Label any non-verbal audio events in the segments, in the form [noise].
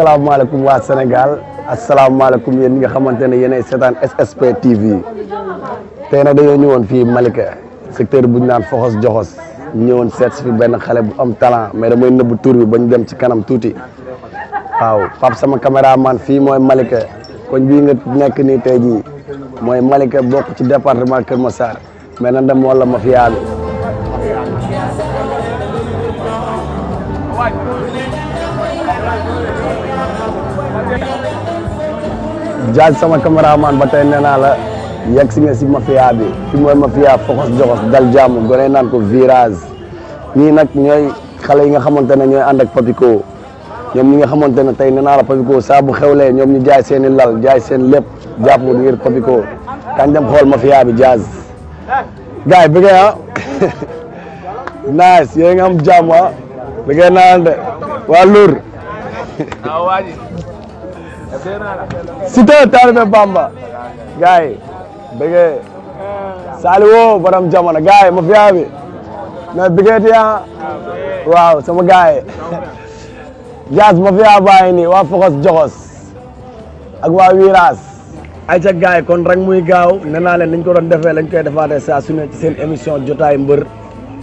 asalaamaaleykum waa Sénégal asalaamaaleykum yéen ñi nga xamante ne yéenay seetaan SSP TV tey nag dañoo ñëwoon fii Malika secteur bu ñu naan Foxos Joxos ñëwoon seet si fi benn xale bu am talent mais damay nëbb tur bi ba ñu dem ci kanam tuuti waaw Pape sama caméraman fii mooy Malika koñ bii nga nekk nii tey jii mooy Malika bokk ci département Kër Massar mais nan dem wala mafia jaaj sama cameraman ba tey nee naa la yegg si nga si mafia bi fi mooy mafia fokos joxos dal jàmm gone naan ko virage ñii nag ñooy xale yi nga xamante ne ñooy ànd ak Papiko ñoom ñi nga xamante ne tey naa la Papiko saa bu xewlee ñoom ñu jaay seen i lal jaay seen lépp jàpp ngir Papiko kañ dem xool mafia bi jaaj gars yi bëggee ah [laughs] nice yéen nga am ah. naa de waa Lour. Ah, Siteu taalibe Bamba gars yi bëggee Saliwo borom jamono gars yi ma fiyaa bi mais bëggee ti ah. waaw sama gars jaas ma fiyaa bàyyi nii waa Fokos Joxos ak waa Wiraas ayca gars yi kon rek muy gaaw nee naa leen ni ko doon defee lañ koy defaatee saa su ne ci seen émission jotaay mbër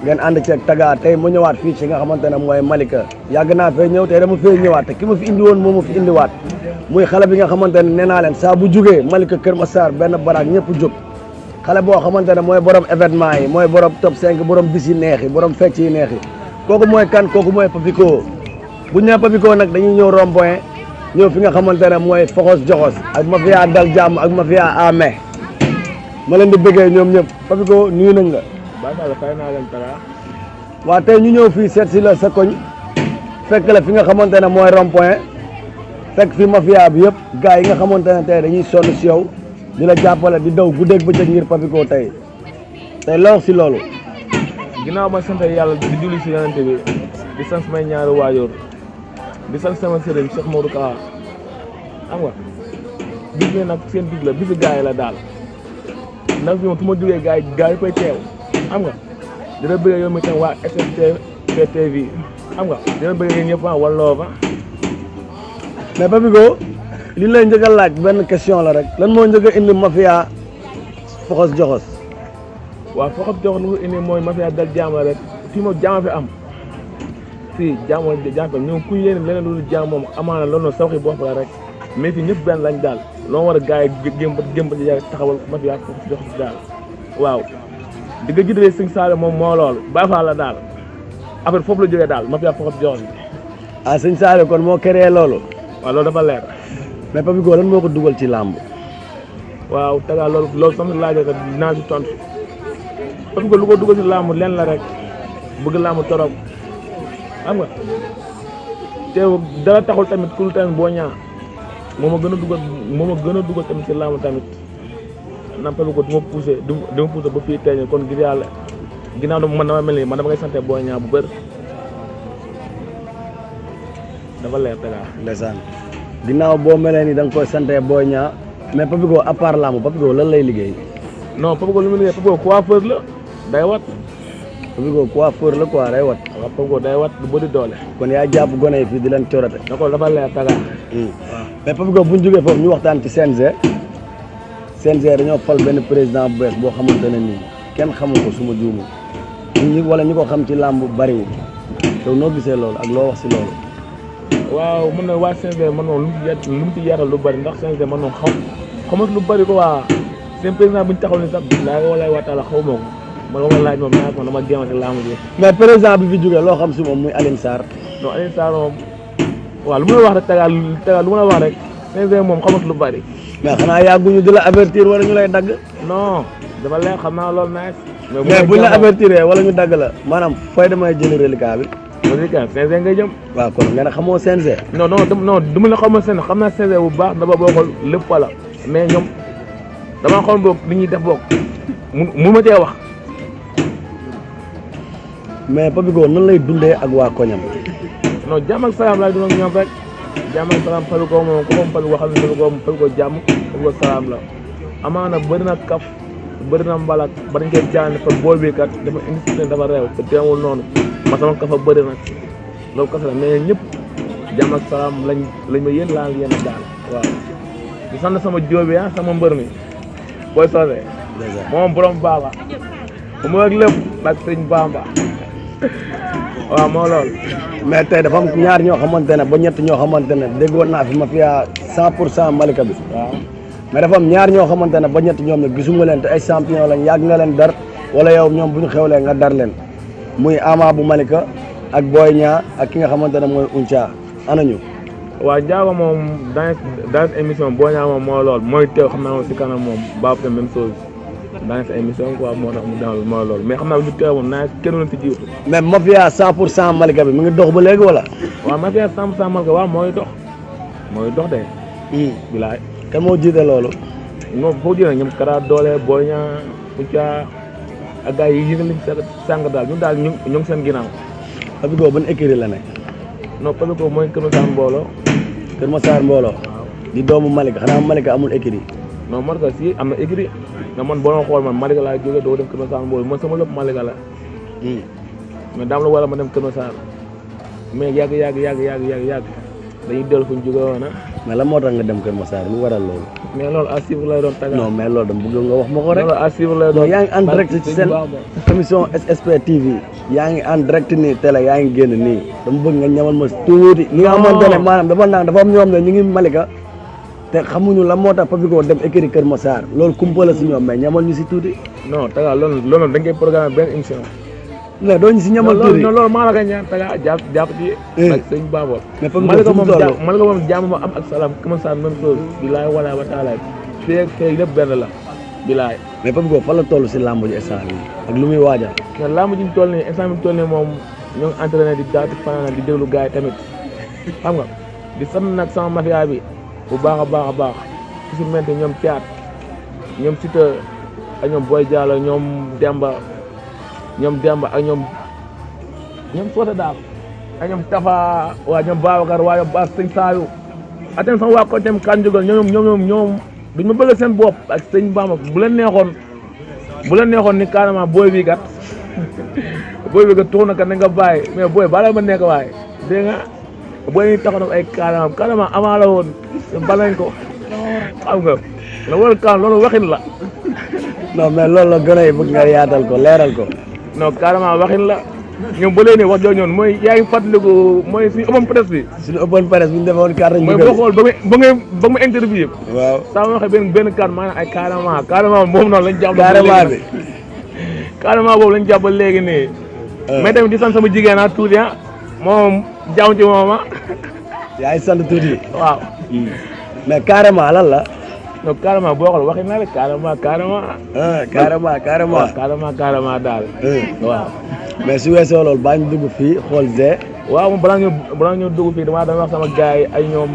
ngeen ànd ceeg taga tey mu ñëwaat fii ci nga xamante ne mooy Malika yàgg naa fee ñëw tey dama fee ñëwaat te ki ma fi indi woon moo ma fi indiwaat muy xale bi nga xamante ne nee naa leen saa bu jugee Malika Kër Massar benn baraag ñëpp jóg xale boo xamante ne mooy borom événement yi mooy borom top 5 borom bis yi neex yi borom fecc yi neex yi kooku mooy kan kooku mooy Papiko bu ñu nee Papiko nag dañuy ñëw rond-point fi nga xamante ne mooy Foxos Joxos ak mafia dal jàmm ak mafia ame ma leen di bëggee ñoom ñëpp Papiko nuyu nañ la. waaw tey ñu ñëw fii seet si la sa koñ fekk la fi nga xamante ne mooy rond fekk fi mafia bi yëpp gars yi nga xamante ne tey dañuy sonn si yow di la jàppale di daw guddeeg bëccëg ngir Papiko tey tey lor si loolu. ginnaaw ma sant yàlla di julli si yonente bi di sant may ñaari waajur di sant sama sëriñ Cheikh Modou Ka xam nga bis bi nag seen bis la yi la daal nag ñoom su ma jógee gaa yi gars yi koy teew xam nga dina bëggee yow mi tam waa SMT TV xam nga dina bëggee yéen ñëpp ah wàllu mais Papico li lay njëkk a laaj benn question la rek lan moo njëkk indi mafia foxos joxos waaw foxos joxos lu mu indi mooy mafia dal jaama rek fii moom jaama am fii jaama jaama ñoom ku yéen leneen loolu jaam moom amaana loolu noonu sawaxi bopp la rek ñëpp benn lañ daal loo war a gars yi gém gém ba taxawal mafia foxos joxos daal waaw di nga gidree moom moo loolu Baay Faal la daal affaire foofu la jógee daal mafia foxos joxos bi ah sëñ Saale kon moo créé loolu waaw loolu dafa leer. mais Papi Gora lan moo ko dugal ci làmb. waaw tagaa loolu loolu sama laajee kat dinaa ci tontu Papi Gora lu ko dugal ci làmb leen la rek bëgg làmb torop xam nga te dara taxul tamit kul tamit boo ñaa moo ma gën a dugal gën a dugal tamit ci làmb tamit naam Papi Gora du ma poussé du ma poussé ba fii tey kon ngir yàlla ginnaaw dama man dama mel ni man dama koy sante boo ñaa bu bëri dafa leer tagaa ndeysaan ginnaaw boo melee nii da nga koy sante Boy Niang mais Papigo à part làmb Papigo lan lay liggéey. non Papigo li muy liggéey Papigo coiffeur la day wat. Papigo coiffeur la quoi day wat. waaw day wat du bëri doole. kon yaa jàpp gone yi fii di leen corate. da ko dafa leer tagaat. waaw hmm. mais Papigo bu ñu jógee foofu ñu waxtaan ci CNG. CNG dañoo fal benn président bu bees boo xamante ne nii kenn xamul ko suma ma juumul. ñi wala ñi ko xam ci làmb bariwul. te noo gisee loolu ak loo waaw mun na waa CNG ma moom lu mu ci yàtt lu bari ci yaatal lu bëri ndax CNG man moom xaw xamat lu bëri ko waa seen président bu ñu taxaw ni sax laa walaay waa taala xaw ma ma laaj moom naa ko dama a si laamu mais président bi fi jógee loo xam si moom muy Alioune Sarr non Alioune Sarr ma wax rek tagaa tagaa lu wax rek CNG moom xamat lu bëri mais xanaa yàgguñu di la avertir wala ñu lay dagg non dafa leer xam naa loolu mais buñ la avertir wala ñu dagg la maanaam fay damay jëli reliquat bi loolu kan CNG ngay jëm. waaw kon nga ne xamoo CNG. non non non du ma la xamoo CNG xam naa CNG bu baax dama bokkal lépp la mais ñoom damaa xool boog li ñuy def boog mu ma cee wax. mais Papigo nan lay dundee ak waa koñam. non jàmm ak salaam laay dund ak ñoom rek jàmm ak salaam Papigo moom ku moom Papigo xam ne Papigo moom Papigo salaam la amaana bëri na kaf bëri na mbalak ba dañ koy jaanale fa bool bi kat dafa indi dafa réew te teewul noonu. ma sama kafa bëri nag loolu kese ñëpp jàmm ak salaam lañ ma yéen laal yéen daal waaw sama jóobi ah sama mbër mi booy soose moom borom baaba bu mu ak lépp ak sëñ Bamba waaw moo lool mais tey dafa ñaar ñoo xamante ne ba ñett ñoo xamante ne déggoon naa fi ma fiyaa pour cent Malika bi waaw mais ñaar ñoo xamante ne ba ñett ñoom ne gisu nga leen te ay champion lañ yàgg nga leen dar wala yow ñoom bu ñu xewlee nga dar leen muy Ama bu Malika ak Boy Niang ak ki nga xamante ne mooy Unca ana ñu. waaw Diago moom dans dans émission Boy Niang mooy lool mooy teew xam naa si kanam moom baax na même chose dans émission quoi moo tax mu daal mooy lool mais xam naa bu ñu teew moom naa kenn doon si jiitu. mais mafia 100 pour cent Malika bi mu ngi dox ba léegi wala. waaw mafia 100 pour cent Malika waaw mooy dox mooy dox de. Hmm. bilaay kan moo jiite loolu. moom foo jëlee ñoom Kara Doole Boy ak gars yi yëgal nañ sànq daal ñun daal ñu ñu ngi seen ginnaaw. Papico ban écurie la nekk. non Papico mooy Kër Masar Mbooloo. Kër Masar Mbooloo. di doomu Malika xanaa Malika amul écurie. non Malika am na écurie. mais man boo doon xool man Malika laa jógee doo dem Kër Masar Mbooloo man sama lépp Malika hmm. la. wala ma dem Kër mais yàgg yàgg yàgg yàgg yàgg yàgg dañuy dellu fu ñu jógee woon ah. moo tax nga dem Kër Masar mu waral loolu. mais loolu à suivre lay doon tagal non mais loolu dama bëgg nga yaa ngi en direct ci seen TV yaa ngi en direct nii yaa ngi génn nii dama bëgg nga ñamal ma tuuti li nga xamante ne maanaam dafa naan dafa am ñoom ne ñu Malika te xamuñu la moo tax Papiko dem écurie Kër Massar loolu kumpa la si ñoom mais ñamal ñu si tuuti non tagal loolu programme benn émission non doo ñu si ñamal tuuri non loolu maa la ko ñaan da ngaa jàpp jàpp ci. Eh. sëñ Babacar. mais foog nga moom jàpp man moom jàmm ma am ak salaam kama saa même chose. bilaay wala wa taala fee fee lépp benn la bilaay. mais Pape Ngop fan la toll si làmb ji instant bi lu muy waajal. non làmb ji mu toll nii instant bi mu toll nii moom ñoo ngi di daati fanaan di déglu gars yi tamit xam nga di sant nag sama mafia bi bu baax a baax a baax su su mel ñoom caat ñoom Siteu ak ñoom ñoom Demba ak ñoom ñoom Sota daal ak ñoom Tafa waa ñoom Babacar waa ñoom Ba sëñ Saayu ak tamit sama waa côté Kanjugal ñoom ñoom ñoom duñ ma bëgg seen bopp ak sëñ Bamba bu leen neexoon bu leen neexoon ni carrément booy bi kat [laughs] booy bi kat ka na kat na nga bàyyi mais booy balaa ma nekk waaye dégg nga booy yi taxoon ay carrément carrément avant la woon balañ ko xam nga la war a loolu waxin la non mais loolu la gën a bëgg nga yaatal ko leeral ko non carrément waxin la ñoom ba léegi wax jooju mooy yaa ngi fàttaliku mooy suñu open presse bi. suñu open presse bi ñu defoon mooy boo xool ba muy ba benn benn ay carrément carrément moom noonu lañ. jàpp carrément bi [laughs] carrément boobu lañ jàpp ba léegi nii. Euh. mais tamit di sant sama jigéen ah tuuti ah moom jaamu ci moom ah. yaa ngi sant tuuti. waaw. Hmm. mais carrément lan non carrément boo xoolee waxi na rek carrément carrément. carrément ah, carrément waaw daal. Eh. waaw. mais su weesoo loolu baa ñu dugg fii xool Zé. waaw moom balaa ñu balaa ñu dugg sama gars yi ay ñoom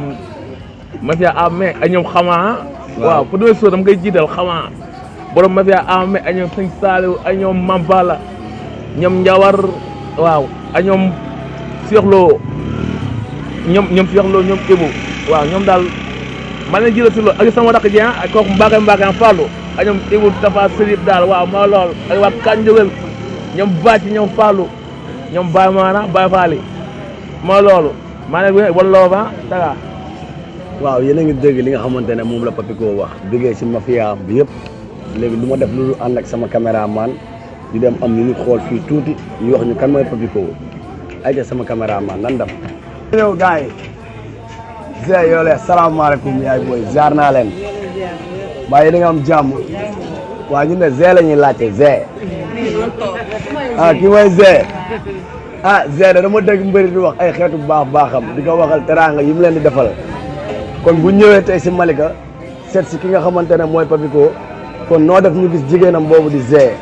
mafia amee ay ñoom xamaa. waaw pour demee soo dama koy jiital xamaa. borom mafia amee ay ñoom a Saliou ay ñoom Mambala ñoom Njawar waaw ay ñoom Cheikh Lo ñoom ñoom Cheikh Lo ñoom Ibou waaw ñoom daal. ma leen jëlatu la ak sama rakk ji ah, ak kooku mbaaka mbaaka ah, Fallou a ñoom Ibou Tafa Sërif daal waaw moo lool ak waa Kañ Jógal ñoom Bàcc ñoom Fallou ñoom Baye Maana Baye Faali moo loolu maa ne walloo ba taga waaw yéen a ngi dégg li nga xamante ne moom la Papiko wax jógee si mafia bi yëpp léegi lu ma def lu ànd ak sama caméraman ñu dem am ñu xool fii tuuti ñu wax ñu kan mooy Papiko ayca sama caméraman nan dam ñëw gars Zia yoo lee salaamaaleykum yaay booy ziar naa leen mbaa yéen a ngi am jàmm waa ñu ne Zia la ñuy laajte Zia ah ki mooy Zia ah Zia dama dégg mbëri di wax ay xeetu baax baaxam di ko waxal teraanga yi mu leen di defal kon bu ñëwee tey si Malika seet si ki nga xamante ne mooy Papiko kon noo def ñu gis jigéenam boobu di Zia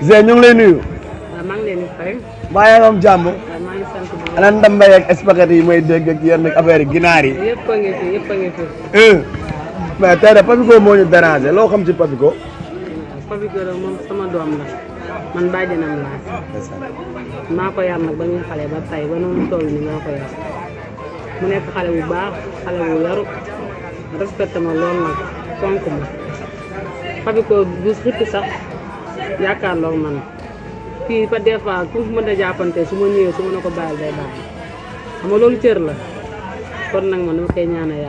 Zia ñu ngi lay nuyu. waaw maa ngi leen di fay. mbaa yaa ngi am jàmm ana ndambe ak spaghetti yi may dégg ak yenn affaire ginaar yi. yëpp a ngi fi yëpp a ngi fi. Eh, mais tey de loo xam ci Papiko. moom sama doom la man bàjjenam laa. maa ko yar nag ba ñu xale ba tay ba noonu toll ni maa ko yar mu nekk xale bu baax xale bu yaru respecté ma lool nag fonk ma du xippi sax yaakaar lool man. kii ba des fois ku mën a jàppante su ma ñëwee su ma ne ko baal day baal xam nga loolu la kon nag man dama koy ñaanal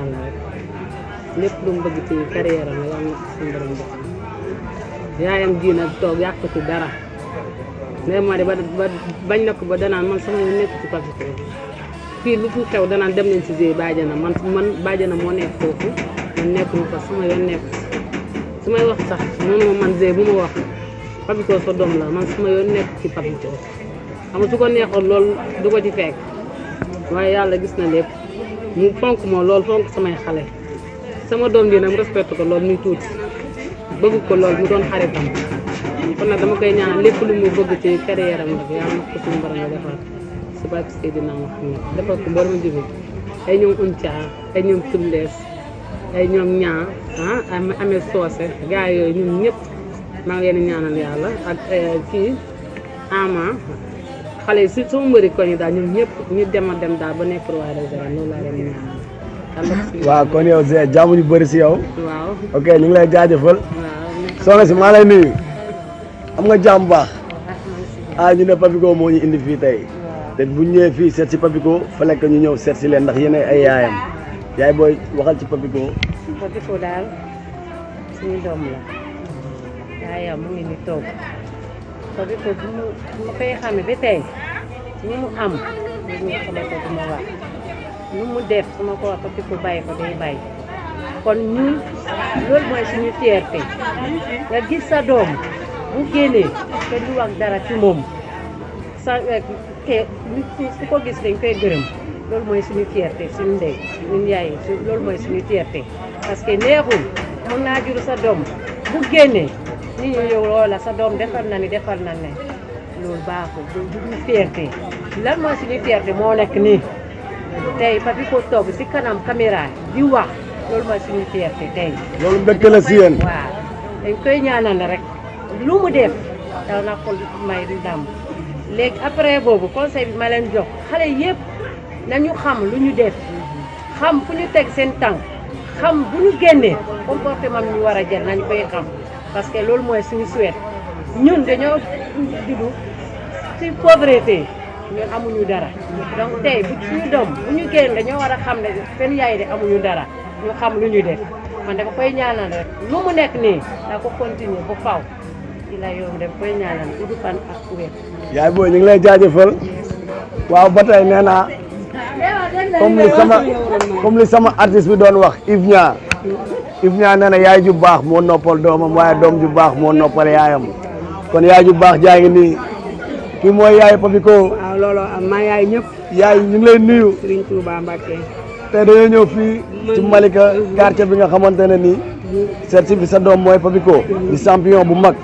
yaayam ji nag toog ci dara ma di ba ko ba danaan man sama nekk ci danaan dem nañ ci Zé Badiana man man Badiana moo nekk foofu man nekkuma fa sama may wax sax man man Zé bu ma wax. Papito sa doom la man suma yoon nekk ci Papito xam nga su ko neexoon loolu du ko ci fekk waaye yàlla gis na lépp mu fonk ma lool fonk samay xale sama doom bi nag mu respecté ko lool muy tuuti bëgg ko lool mu doon xaritam kon nag dama koy ñaanal lépp lu mu bëgg ci carrière am rek yàlla na ko suñu borom nga defal si barke Seydina Muhammad defal ko mboolem jubé ay ñoom Unca ay ñoom Tumlees ay ñoom ñaa ah, amee soose gars yooyu ñëpp maa ngi leen ñaanal yàlla ak fii eh, ama xale yi surtout mbëri koñ yi daal ñun ñëpp ñu dem dem daal ba nekk roi des arènes loolu laa leen ñaanal. waaw kon yow Zia jàmm ñu bëri si yow. waaw ok ñu ngi lay jaajëfal. waaw soxna si maa lay nuyu. am nga jàmm baax. Ah, ah ñu ne Papico moo ñu indi fii tey. te bu ñu ñëwee fii seet si Papico fa lekk ñu ñëw seet si leen ndax yéen ay yaayam yaay booy waxal ci Papico. Papico daal suñu doom la. yaayam mu ngi ni toog ko ko bu mu ma koy xame tey ni mu am li ñu xama ko du ma wax nu mu def su ko wax ko ko bàyyi ko day bàyyi kon ñun loolu mooy suñu fierté nga gis sa doom bu génnee dara ci moom eh, ko gis dañ koy gërëm loolu mooy suñu fierté suñu ndey ñun yaay loolu mooy suñu fierté parce que neexul mën naa jur sa doom bu génnee nit ñu ñëw loola sa doom defal na ni defal na ne loolu baaxul duñu fierté lan mooy suñu moo nekk nii tey papi ko toog si kanam caméra di wax loolu mooy suñu fierté tey. loolu dëkk la si yéen. waaw dañ koy ñaanal rek lu mu def na ko may ndam léegi après boobu conseil bi ma leen jox xale yëpp nañu xam lu ñu def xam fu ñu teg seen tànk xam bu ñu génnee comportement ñu war a jël nañu koy xam. parce que loolu mooy suñu souhait ñun dañoo juddu ci pauvreté ñun amuñu dara donc tey bu suñu doom ñu génn dañoo war a xam ne seen yaay de amuñu dara ñu xam lu ñu def man dafa koy ñaanal rek lu mu nekk nii daa ko continuer faw ci la yow def koy ñaanal udu fan ak wér. yaay booy ñu ngi lay jaajëfal waaw ba nee naa comme li sama comme li bi doon wax Yves Ifñaa ñaan na yaay ju baax moo noppal doomam waaye doom ju baax moo noppal yaayam kon yaay ju baax jaa ngi nii kii mooy yaay Papiko. waaw looloo yaay ñëpp. yaay ñu ngi lay nuyu. Serigne Touba ñëw fii ci bi nga xamante ne nii. seet bi sa doom mooy Papiko. di champion bu mag.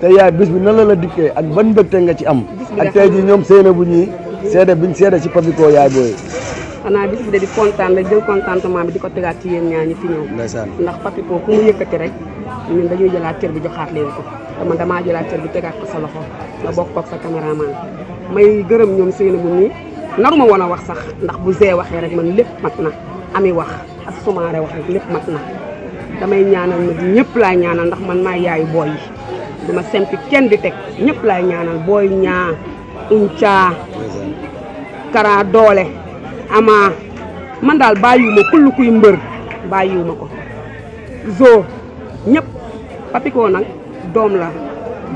te yaay bis bi nan la la dikkee ak ban mbégte nga ci am. ak tey ji ñoom seene bu ñii seede biñ seede ci Papiko yaay booy. xanaa bis bi de di kontaan rek jël contentement bi di ko tegaat ci yéen ñaa ñi fi ñëw. ndax Papiko ku mu yëkkati rek ñun dañuy jëlaat cër bi joxaat leen ko te man damaa jëlaat cër bi tegaat ko sa loxo nga bokk ko sa caméraman may gërëm ñoom seen bu nii naruma woon a wax sax ndax bu zee waxee rek man lépp mat na ami wax ak sumaare wax rek lépp mat na damay ñaanal nag ñëpp laay ñaanal ndax man maa yaayu booy yi duma sempi kenn di teg ñëpp laay ñaanal booy ñaa uncaa kara doole Ama man daal bàyyiwuma kull kuy mbër bàyyiwuma ko zoo ñépp papikoo nag doom la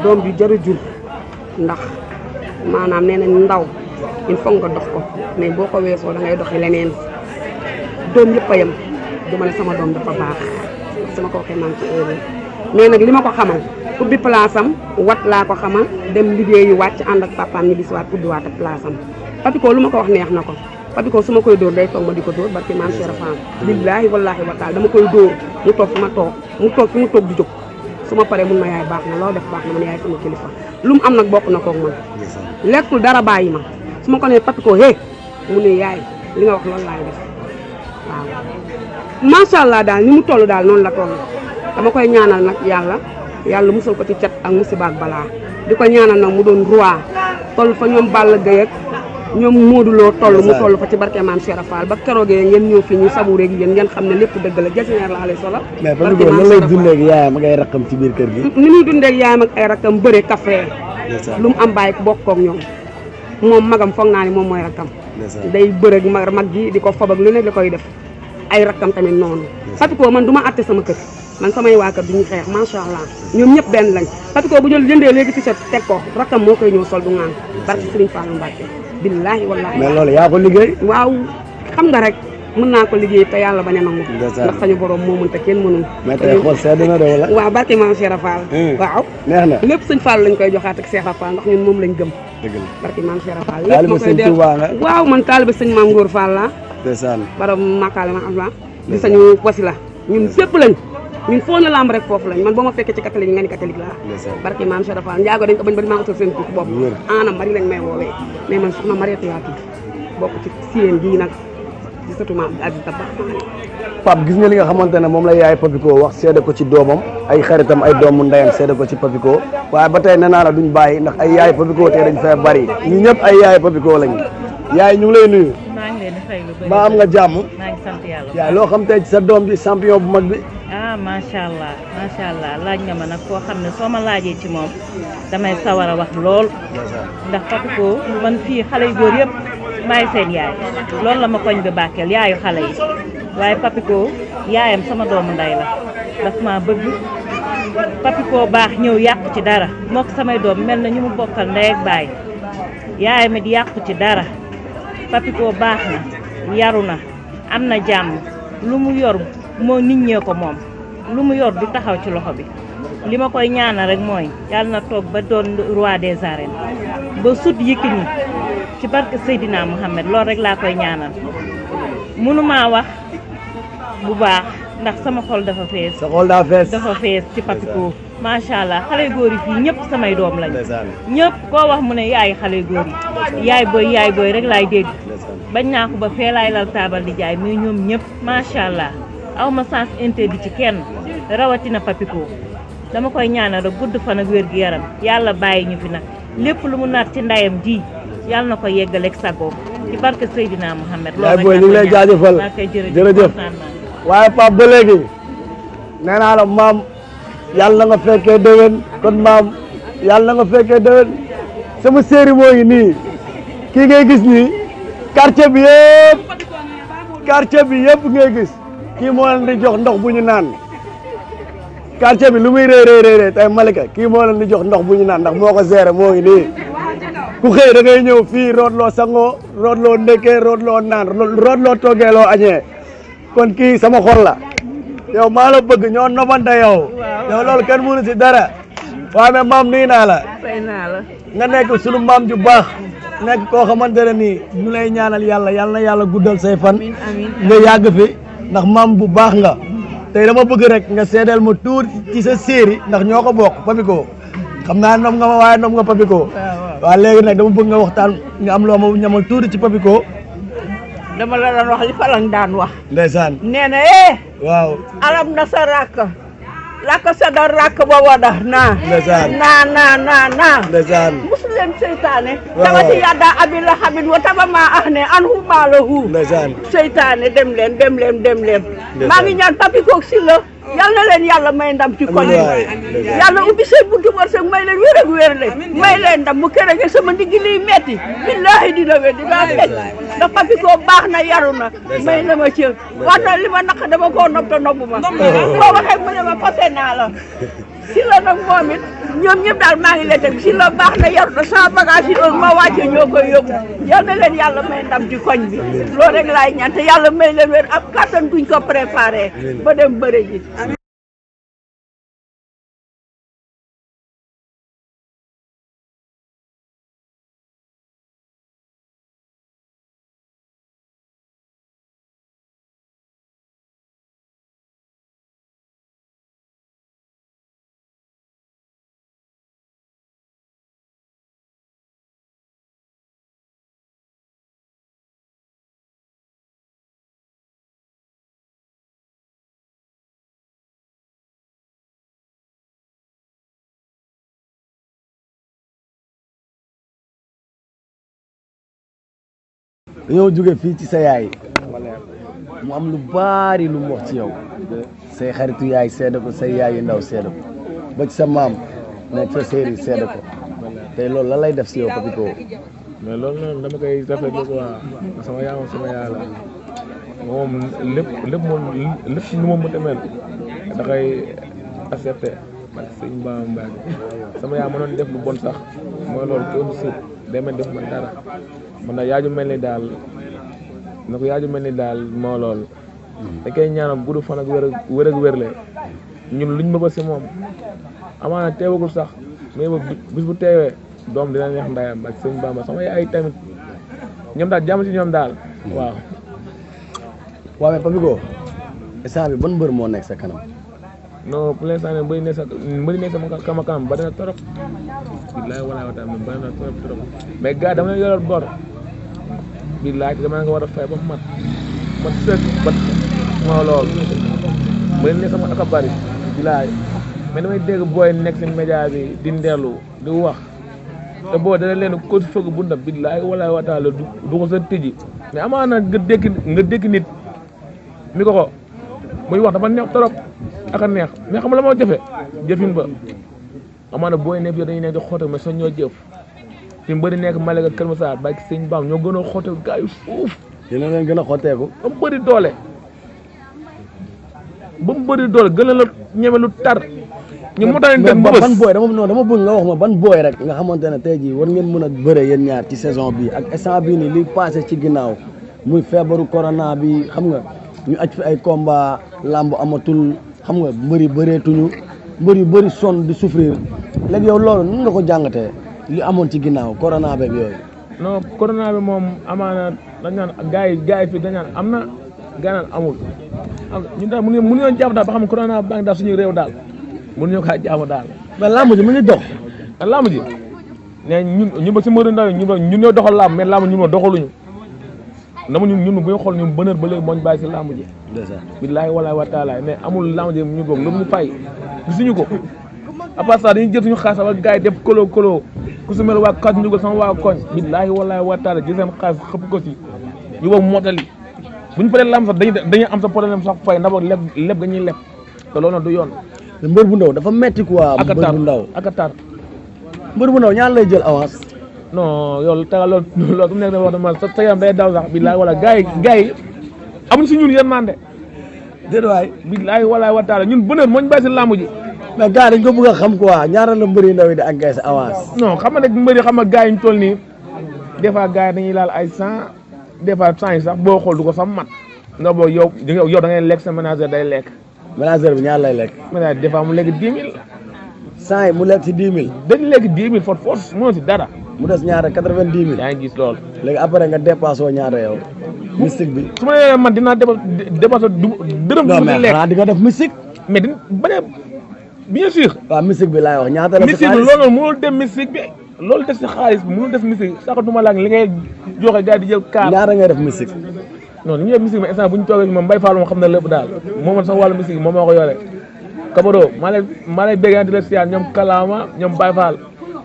doom ju jaru jur ndax maanaam nee nañ ndaw il faut nga dox ko mais boo ko weesoo da ngay doxi leneen doom yëpp a yem duma ne sama doom dafa baax sama ko waxee maa ci heure mais nag li ma ko xamal ubbi place am wat laa ko xamal dem liggéey liggéeyi wàcc ànd ak papaam ñibbisiwaat ubbiwaat ak place am papikoo lu ma ko wax neex na ko parce su ma koy dóor day toog ma di ko dóor barki maam Cheikh Fall billaahi wallaahi wa dama koy dóor mu toog ma toog mu toog di jóg su ma paree mun baax na loo def baax na man yaay sama lu mu am nag bokk na koog lekkul dara bàyyi ma su ko nee Papiko hé mu ne li nga wax loolu laay def allah daal ni mu toll daal noonu la toll dama koy ñaanal nag yàlla yàlla mu musal ko ci cat ak musiba ak balaa di ko ñaanal nag mu doon roi toll fa ñoom Balla Gaye ñoom Modou Lo toll mu toll fa ci barke maam Cheikh Fall ba keroogee ngeen ñëw fi ñu sabuure ak yéen ngeen xam ne lépp dëgg la jasineer solo mais ba dugg lan lay ci biir kër gi ni muy dundee ay rakam bëre café lu mu am bàyyi bokk ak moom magam foog naa ne moom mooy rakam day bërëg mag mag ji di ko fob ak lu ne koy def ay rakkam tamit noonu Papiko man du ma atte sama kër man samay waa kër du ñu xeex macha allah ñoom ñëpp benn lañ Papiko bu jël jëndee léegi t-shirt teg ko rakkam moo koy ñëw sol du ŋaan barke Serigne Fallou Mbacké billaahi wallaahi mais loolu yaa ko liggéey waaw xam nga rek mën naa ko liggéey te yàlla bañ nangu ndax sañu borom moo te kenn mënul mais tey xool sedd na de wala waaw barke maam Cheikh Fall hmm. waaw lañ koy joxaat ak Cheikh Fall ndax ñun moom lañ gëm dëgg la barke maam Cheikh Fall lépp ma koy del a man taaliba sëñ maam Ngor Fall la ndeysaan borom makaale ma am la di sañu wasi ñun sépp lañ ñun foo na lamb rek foofu lañ man boo ma fekkee ci catholique nga ni catholique laa barke maam Cheikh Fall njaago mari lañ may woowee mais man soxna Mariétou laa tudd nag di sëtu maam Aziz gis nga li nga xamante ne moom la yaay Papiko wax seede ko ci doomam ay xaritam ay doomu ndeyam seede ko ci Papiko waaye ba tey nee naa la duñ bàyyi ndax ay yaay Papiko tey dañ fee bari ñu ñëpp ay yaay Papiko lañ yaay ñu ngi lay nuyu maa am nga jàmm maa yaay loo xam tey ci sa doom bi champion bu mag bi ah macha allah macha allah laaj nga ma nag koo xam ne soo ma laajee ci moom damay sawar a wax lool ndax Pape man fii xale yu góor yëpp maay seen yaay loolu la ma koñ bi bàkkeel yaayu xale yi waaye Pape yaayam sama doom nday la daf maa bëgg Pape baax ñëw yàqu ci dara mook samay doom mel na ñu mu bokkal ndey ak baay yaayam it yàqu ci dara Pape baax na yaru na am na jàmm lu mu yor moo nit ñee ko moom lu mu yor du taxaw ci loxo bi li ma koy ñaanal rek mooy yàlla na toog ba doon roi des arènes ba sut Yékini ci barke Seydina Mohamed loolu rek laa koy ñaanal mënumaa wax bu baax ndax sama xol dafa fees. sa xol daa fees dafa fees ci Papiko. macha allah xale góor fii ñëpp samay doom lañu. ñëpp koo wax mu ne yaay xale góor yi. yaay booy yaay booy rek laay dégg. bañ naa ko ba fee laay lal taabal di jaay mais ñoom ñëpp macha allah. aw ma sens interdit ci kenn rawatina Papiko dama koy ñaana rek gudd fan ak wér yaram yàlla bàyyi ñu fi nag lépp lu mu naat ci ndayam ji yàlla na ko yeggaleeg sagoom ci barke Seydina Mohamed. loolu booy ñu ngi lay jaajëfal jërëjëf waaye Pape ba léegi nee maam yàlla na nga fekkee déwén kon maam yàlla na nga fekkee déwén sama séeri moo ngi nii kii ngay gis nii quartier bi yëpp quartier bi yëpp ngay gis. kii moo leen jox ndox bu ñu naan quartier bi lu muy rëy rëy rëy Malika kii moo leen di jox ndox bu ñu naan ndax moo ko gérer moo ngi nii ku xëy da ngay ñëw fii rootloo sangoo rootloo ndékkee loo naan rootloo toggeeloo añee kon kii sama xol la yow maa la bëgg ñoo nobante yow yow loolu kenn mënu si dara waaye mais maam nii naa la nga nekk sunu maam ju baax nekk koo xamante ne nii ñu lay ñaanal yàlla yàlla na yàlla guddal say fan nga yàgg fi ndax maam bu baax nga tey dama bëgg rek nga seedeel ma tuur ci sa ndax ñoo ko bokk Papiko xam naa nom nga ma waaye nom nga Papiko ah, waaw léegi nag dama bëgg nga waxtaan nga am loo ma ñamal tuuri ci Papiko dama la wax li Falang daan wax ndeysaan nee na eh! waaw alam nasaraka lakk sa doon lakk ba wada naa naa naa naa naa musu leen seytaane tabati yadda abi la wa taba maa ax ne an hu maa hu seytaane dem leen dem leen dem leen maa ngi ñaan papi kook si la yal na leen yàlla may ndam ci koñ yàlla ubbi seen buntu wërsëg may leen wér ak wér leen may leen ndam mu sama ndigg liy metti billaahi dina wér dinaa fecc ndax papi koo baax na yaru may na ma cër wax li ma naq dama koo nopp te nopp ma boo waxee mu ne ma fase naa la [laughs] si la nag moom it ñoom ñëpp daal maa ngi leen teg si la baax na yaru na sa bagage yi doon ma wàcce ñoo koy yóbbu yal na leen yàlla may ndam ci koñ bi loolu rek laay ñaan yàlla may leen wér ab kàttan duñ ko préparé ba dem bëre ji dañoo jóge fii ci sa yaay mu am lu baari lu mu wax ci yow say xaritu yaay seede ko say yaay yu ndaw seede ko ba ci sa maam nekk sa séeri seede ko tey loolu la lay def si yow Papito mais loolu noonu dama koy rafetlu quoi sama yaay sama yaay moom lépp lépp moom lépp lu ma mënta mel da koy accepté sama yaay mënoon def lu bon sax mooy loolu kéem si demee def man dara man nag yaaju mel ni daal na ko yaaju mel ni daal moo lool da koy ñaanal gudd fan ak wér wér ak wérle ñun luñ ma ba si moom amaana teewagul sax mais ba bis bu teewee doom dina neex ndayam ak sëñ Bamba sama yaay tamit ñoom daal jàmm si ñoom daal waaw waaw mais Papiko instant bi ban mbër moo nekk sa kanam non pour l'instant ne mbëri nekk sa mbëri nekk sama kama kanam bari na trop bilaay walaay wa taala bari na trop trop mais gars dama leen yoral bor di laaj damaa nga war a fay ba mat mat sëkk bat moo loolu ma leen ne sama ak a bari di laaj mais damay dégg booy nekk si média bi di ndellu di wax te boo dana leen ko fëgg bu ndab billaay wala wataala du ko sa tëji mais amaana nga dégg nit mi ko ko muy wax dafa neex trop ak a neex mais xam la moo jafe jëfin ba amaana booy nekk yow dañuy nekk di xootal mais sa ñoo jëf fi mu bëri nekk Malika Kër Massar barki sëñ Bam ñoo gën a xotteeku gars yi fuuf. dina leen gën a xotteeku. ba mu bëri doole ba mu doole gën a la ñeme lu tar. ñu mu tane dem bës ban booy dama nga wax ma ban booy rek nga xamante ne tey jii war ngeen mën a bëre yéen ñaar ci saison bi ak instant bii nii li passé ci ginnaaw muy feebaru corona bi xam nga ñu aj ay combat làmb amatul xam nga mbëri bëreetuñu mbër yu bëri son di souffrir léegi yow loolu nun nga ko jàngatee. li amoon ci ginnaaw corona beeg yooyu. non bi moom amaana dañ naan gars yi gars yi fii dañ naan am na gars naan amul ñun daal mënuñoo mënuñoo jàpp daal ba xam ne corona baa ngi daal suñuy réew daal mënuñoo kaa jàpp daal. mais làmb ji mu ngi dox. ah làmb ji mais ñun ñun ba si Modou Ndaw ñun ñun ñoo doxal làmb mais làmb ñun ñoo doxaluñu dama ñun ñun bu ñu xool ñu bënër ba léegi moo ñu bàyyi si làmb ji. dèjà billaahi walaahi wa taala mais amul làmb ji ñu bokk lu mu fay gisuñu ko. à part ça dañuy jël suñu xaalis sama gars yi def kolo kolo ku si mel waa kàddu ndugal sama waa koñ billaahi wallaahi wa jël seen xaalis xëpp ko si ñu wow mottali buñu paree lam sax am sa problème sax fay ndax leb leb dañuy ñu te loolu nag du yoon mbër bu ndaw dafa a tar mbër bu ndaw ñaan lay jël avance non yow taga loolu loolu su na wax dama sa yaram day daw sax billaahi wala gars yi gars yi amuñ si ñun yéen mande déedéet waay billaahi wallaahi wa taala ñun bonheur mooñ bàyyi si làmb mais gars dañ ko bëgg a xam quoi ñaara la mbëri ndaw di encaissé avance. non xam nga nag mbëri xam nga gars yi ñu toll nii des fois gars yi dañuy laal ay cent des fois cent yi sax boo xool du sax mat ndax boobu yow yow da ngay lekk sa manager day lekk. manager bi ñaar lay lekk. manager des fois mu lekk dix mille. cent yi mu lekk si dix mille. dañu lekk dix mille fort force moo si dara. mu des ñaara quatre vingt dix mille. yaa ngi gis loolu. nga dépassé ñaara yow. mystique bi su ma nee man dinaa dépassé dërëm. ma lekk non dina ba bien sûr. ñaata la. mystique bi loolu mënul dem mystique bi. loolu def si xaalis sax duma laaj li ngay joxe gars yi di jël kaar. ñaata ngay def mystique. non li ñuy instant bu ñu toogee moom Mbaye Fall moom xam na lépp daal moom sax wàllu moo ko yore. Kabado maa lay maa lay bégg di leen siyaar ñoom Kalaama ñoom Baye Fall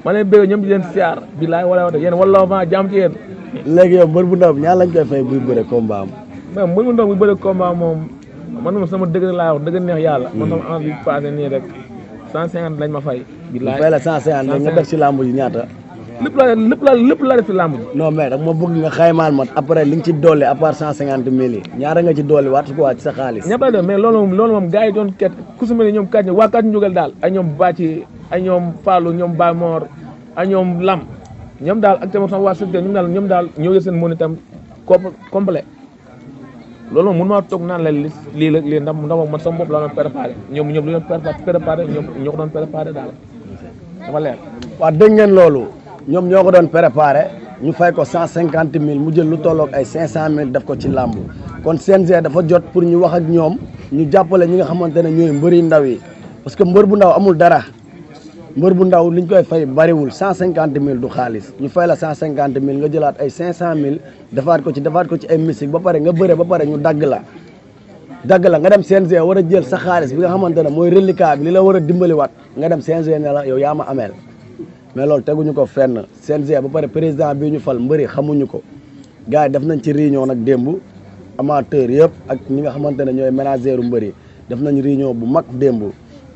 maa lay bégg ñoom di leen siyaar bilaay wala wala yéen wala ma jaam ci yéen. léegi yow mbër bu ndaw ñaar lañ koy fay buy bëre combat am. mais mbër bu ndaw buy bëre combat moom man moom sama dëgg laay wax neex yàlla. man sama envie passé nii rek cent cinquante lañ ma fay. bilaay fay la cent cinquante nga def si làmb ji ñaata. lépp xaymaal ma après li ci dolli à part ñaara nga ci dolli waat quoi ci sa xaalis. moom loolu moom ket ku ni ñoom kàcc waa kàcc njugal daal. ay ñoom Bacci ay ñoom Fallou ñoom Bamor ay ñoom Lam ñoom daal ak tamit sama waa Sèye ñoom daal ñoom daal ñoo seen mën itam complet loolu moom mënumaa toog naan la lii lii ndam ndam man sama bopp laa doon préparé ñoom ñoom li doon préparé ñoom ñoo ko doon préparé daal dafa leer. waaw dégg loolu ñoom ñoo ko doon préparé ñu fay ko cent cinquante mille mu jël lu tolloog ay cinq cent mille def ko ci làmb kon CNG dafa jot pour ñu wax ak ñoom ñu jàppale ñi nga xamante ne mbër mbëri ndaw yi parce que mbër bu ndaw amul dara. mbër bu ndaw liñ koy fay bariwul cent cinquante mille du xaalis ñu fay la cent cinquante mille nga jëlaat ay cinq cent mille defaat ko ci defaat ko ci ay musique ba pare nga bëre ba pare ñu dagg la dagg la nga dem CNG war a jël sa xaalis bi nga xamante ne mooy reliquat bi li la war a dimbaliwaat nga dem CNG ne la yow yaa ma ameel mais loolu teguñu ko fenn CNG ba pare président bi ñu fal mbëri xamuñu ko gars yi def nañ ci réunion nag démb amateur yëpp ak ñi nga xamante ne ñooy ménagère u mbëri def nañ réunion bu mag démb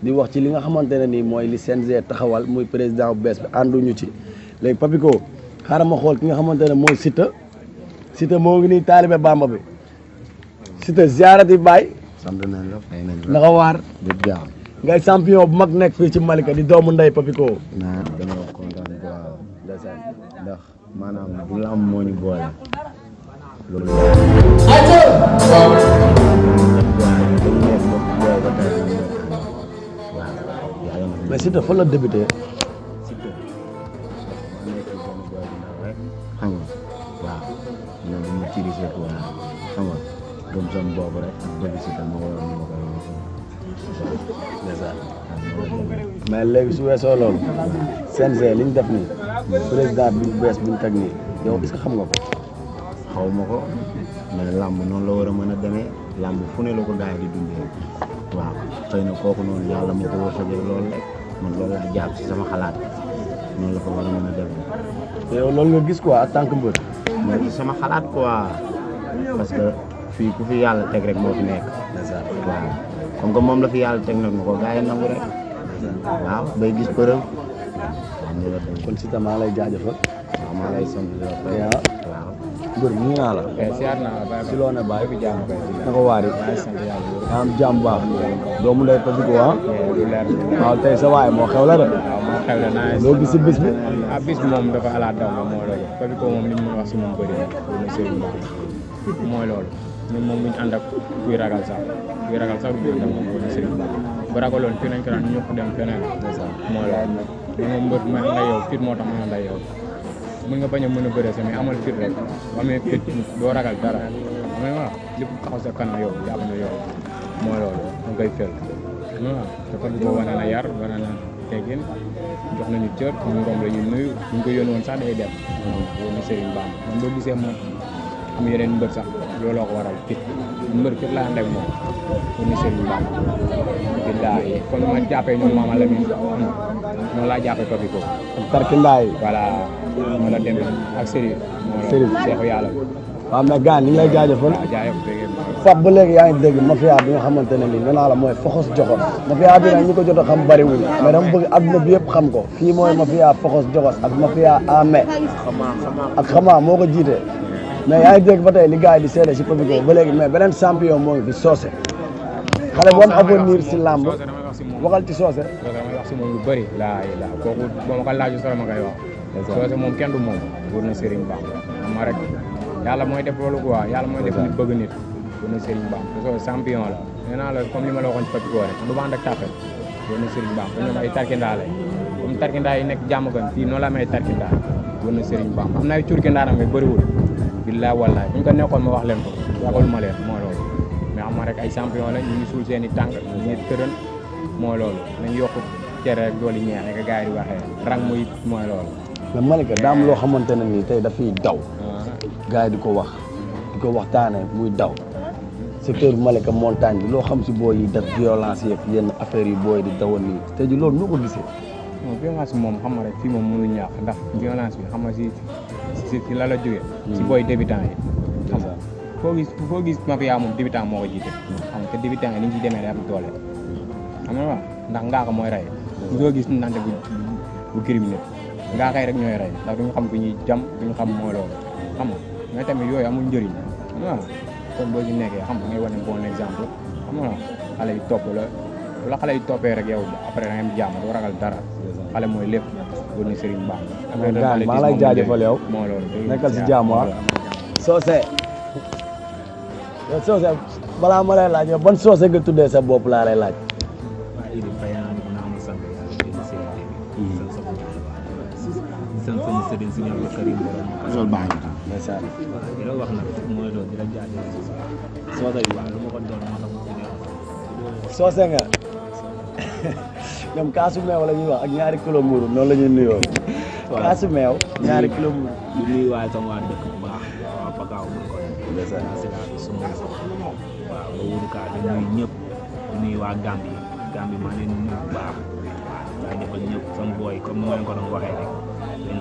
di wax ci li nga xamante ne nii mooy li CNG taxawal muy président bu bees bi ànduñu ci léegi Papico xaaral ma xool ki nga xamante ne mooy Siteu Siteu moo ngi nii taalibe Bamba bi Siteu ziarati Baye. sant nañ la fay nañ la naka waar. ngay champion bu mag nekk fii ci Malika di doomu ndey Papico. naa dama kontaan bu baax ndax maanaam du ñu boole. loolu mais Siteu ci risé quoi xam nga mais léegi su weesoo loolu CNG li ñu def nii président bi bu bees bi ñu teg nii yow est-ce xam nga ko. xaw ma ko mais làmb noonu la war a mën a demee làmb fu ne la ko gars di dundee waaw xëy na kooku noonu yàlla ma ko wërsëgal loolu rek. man loolu di jàpp si sama xalaat noonu la ko war a mën a def. te yow loolu nga gis quoi en tant que mbër. mooy sama xalaat quoi parce que fii ku fi yàlla teg rek moo fi nekk. waaw comme que moom la fi yàlla teg nag ma ko gars yi nangu rek. waaw bay gis preuve. kon si tam maa lay jaajëfal. waaw maa lay sant mbër ñu naa la. siyaar naa la si loo ne bàyyi. na ko waari. maa am jàmm baax. doomu ndey parce que waa. waaw tey sa waay moo xew la de. waaw moo xew la naa loo gis si bis bi. ah bis bi moom dafa ala daw moom moo loolu. parce que moom li mu wax si moom bëri na. mooy loolu. ñun moom bu ñu ànd ak kuy ragal sax kuy ragal sax du ñu dem moom mooy Serigne Ba bu ragaloon fii nañ ko daan ñëpp dem feneen. mooy loolu. ñun moom mbër ma ànd ak yow fit moo tax ma ànd ak yow. mën nga bañ a mën a bëre sa mais amal fit rek boo amee fit doo ragal dara xam nga lépp taxaw sa kanam yow jàpp na yow mooy loolu da nga koy fel waaw te kon boo war na yar war na teggin jox nañu cër ñu romb la ñu nuyu ñu ko yónni woon sax day dem woon Serigne Bamba man boo gisee moom am yeneen mbër sax looloo ko waral fit mbër fit laa ànd ak moom woon Serigne Bamba billaahi kon ma jàppee ñoom Mama Lamine noonu laa jàppee Papiko tarkindaay voilà moo la demee ak Serigne. Serigne Cheikh yàlla. waaw mais gars ñu bu lay jaajëfal. waaw ah, jaajëf yaa ngi dégg mafia bi nga xamante ne nii nee naa la mooy foxos joxos. mafia bi nag ñi ko jot a xam bariwul. mais dama bëgg adduna bi yëpp xam ko. fii mooy mafia foxos joxos ak mafia amee. ak xamaa moo ko jiite. mais yaa ngi dégg ba tey li gars yi di seede si Papico ba léegi mais beneen champion mooy ngi fi soose. xale bu am avenir si làmb waxal ci soose. soose damay wax si moom lu bëri. laa yi laa kooku boo ma ko laaju sama ngay soo ko moom kenn du moom wóor na Serigne Ba xam mooy def loolu quoi yàlla mooy def nit bëgg nit na Serigne Ba soo champion la comme li ma la waxoon ci Papi Koore du ma ànd ak tàppet na Serigne Ba ba yi nekk jàmm gan fii noonu la amee tarkindaa wóor na Serigne na ay curkindaa nag mais bëriwul wax leen ko waxul ma leen moo loolu mais xam nga rek ay champion la i tànk ñu ngi tëral yokk cere rek dooli ñeex ne ko gars yi waxee rang muy mooy loolu ma Malika daa am loo xamante ne nii tey dafay daw. gaa yi di ko wax di ko waxtaanee muy daw. secteur bu Malika montagne bi loo xam si booy yi def violence yeeg yenn yi booy di dawoon nii tey jii loolu noo ko gisee. non violence moom xam nga rek fii moom mënuñu ñaax ndax violence bi xam nga si si si la si hmm. booy débutant yi. xam nga foo gis foo gis mafia moom débutant moo ko jiite. xam nga demee day am doole. xam nga waaw mooy rey. nga hmm. gis nante bu bu criminel. ngaa xëy rek ñooy rey ndax duñu xam ku ñuy jam duñu xam mooy loolu xam nga mais tamit yooyu amul njëriñ xam kon boo ci nekkee xam nga ngay wane bon exemple xam nga xale yi topp la bu la xale yi toppee rek yow après da ngeen jàmm du ragal dara xale mooy lépp góor ni Serigne Ba. gaa maa lay jaajëfal yow moo loolu nekkal si jàmm waaw soose soose balaa ma lay laaj yow ban soose nga tuddee sa bopp laa lay laaj Karim suñu Abdou Karim loolu baax na macha allah di la wax soose yu baax lu ma ko doon moo tax soose nga ñoom kaasu meew wax ak ñaari kilo mburu noonu la ñuy nuyoo kaasu ñaari kilo mburu di nuyu waaye sama dëkk bu baax waaw pakaaw mun ko sila suma waaw nga wuru kaa di ñëpp di nuyu waa Gambie Gambie maa leen nuyu bu baax waaw jaajëfal ñëpp sama booy comme ni ma leen waxee rek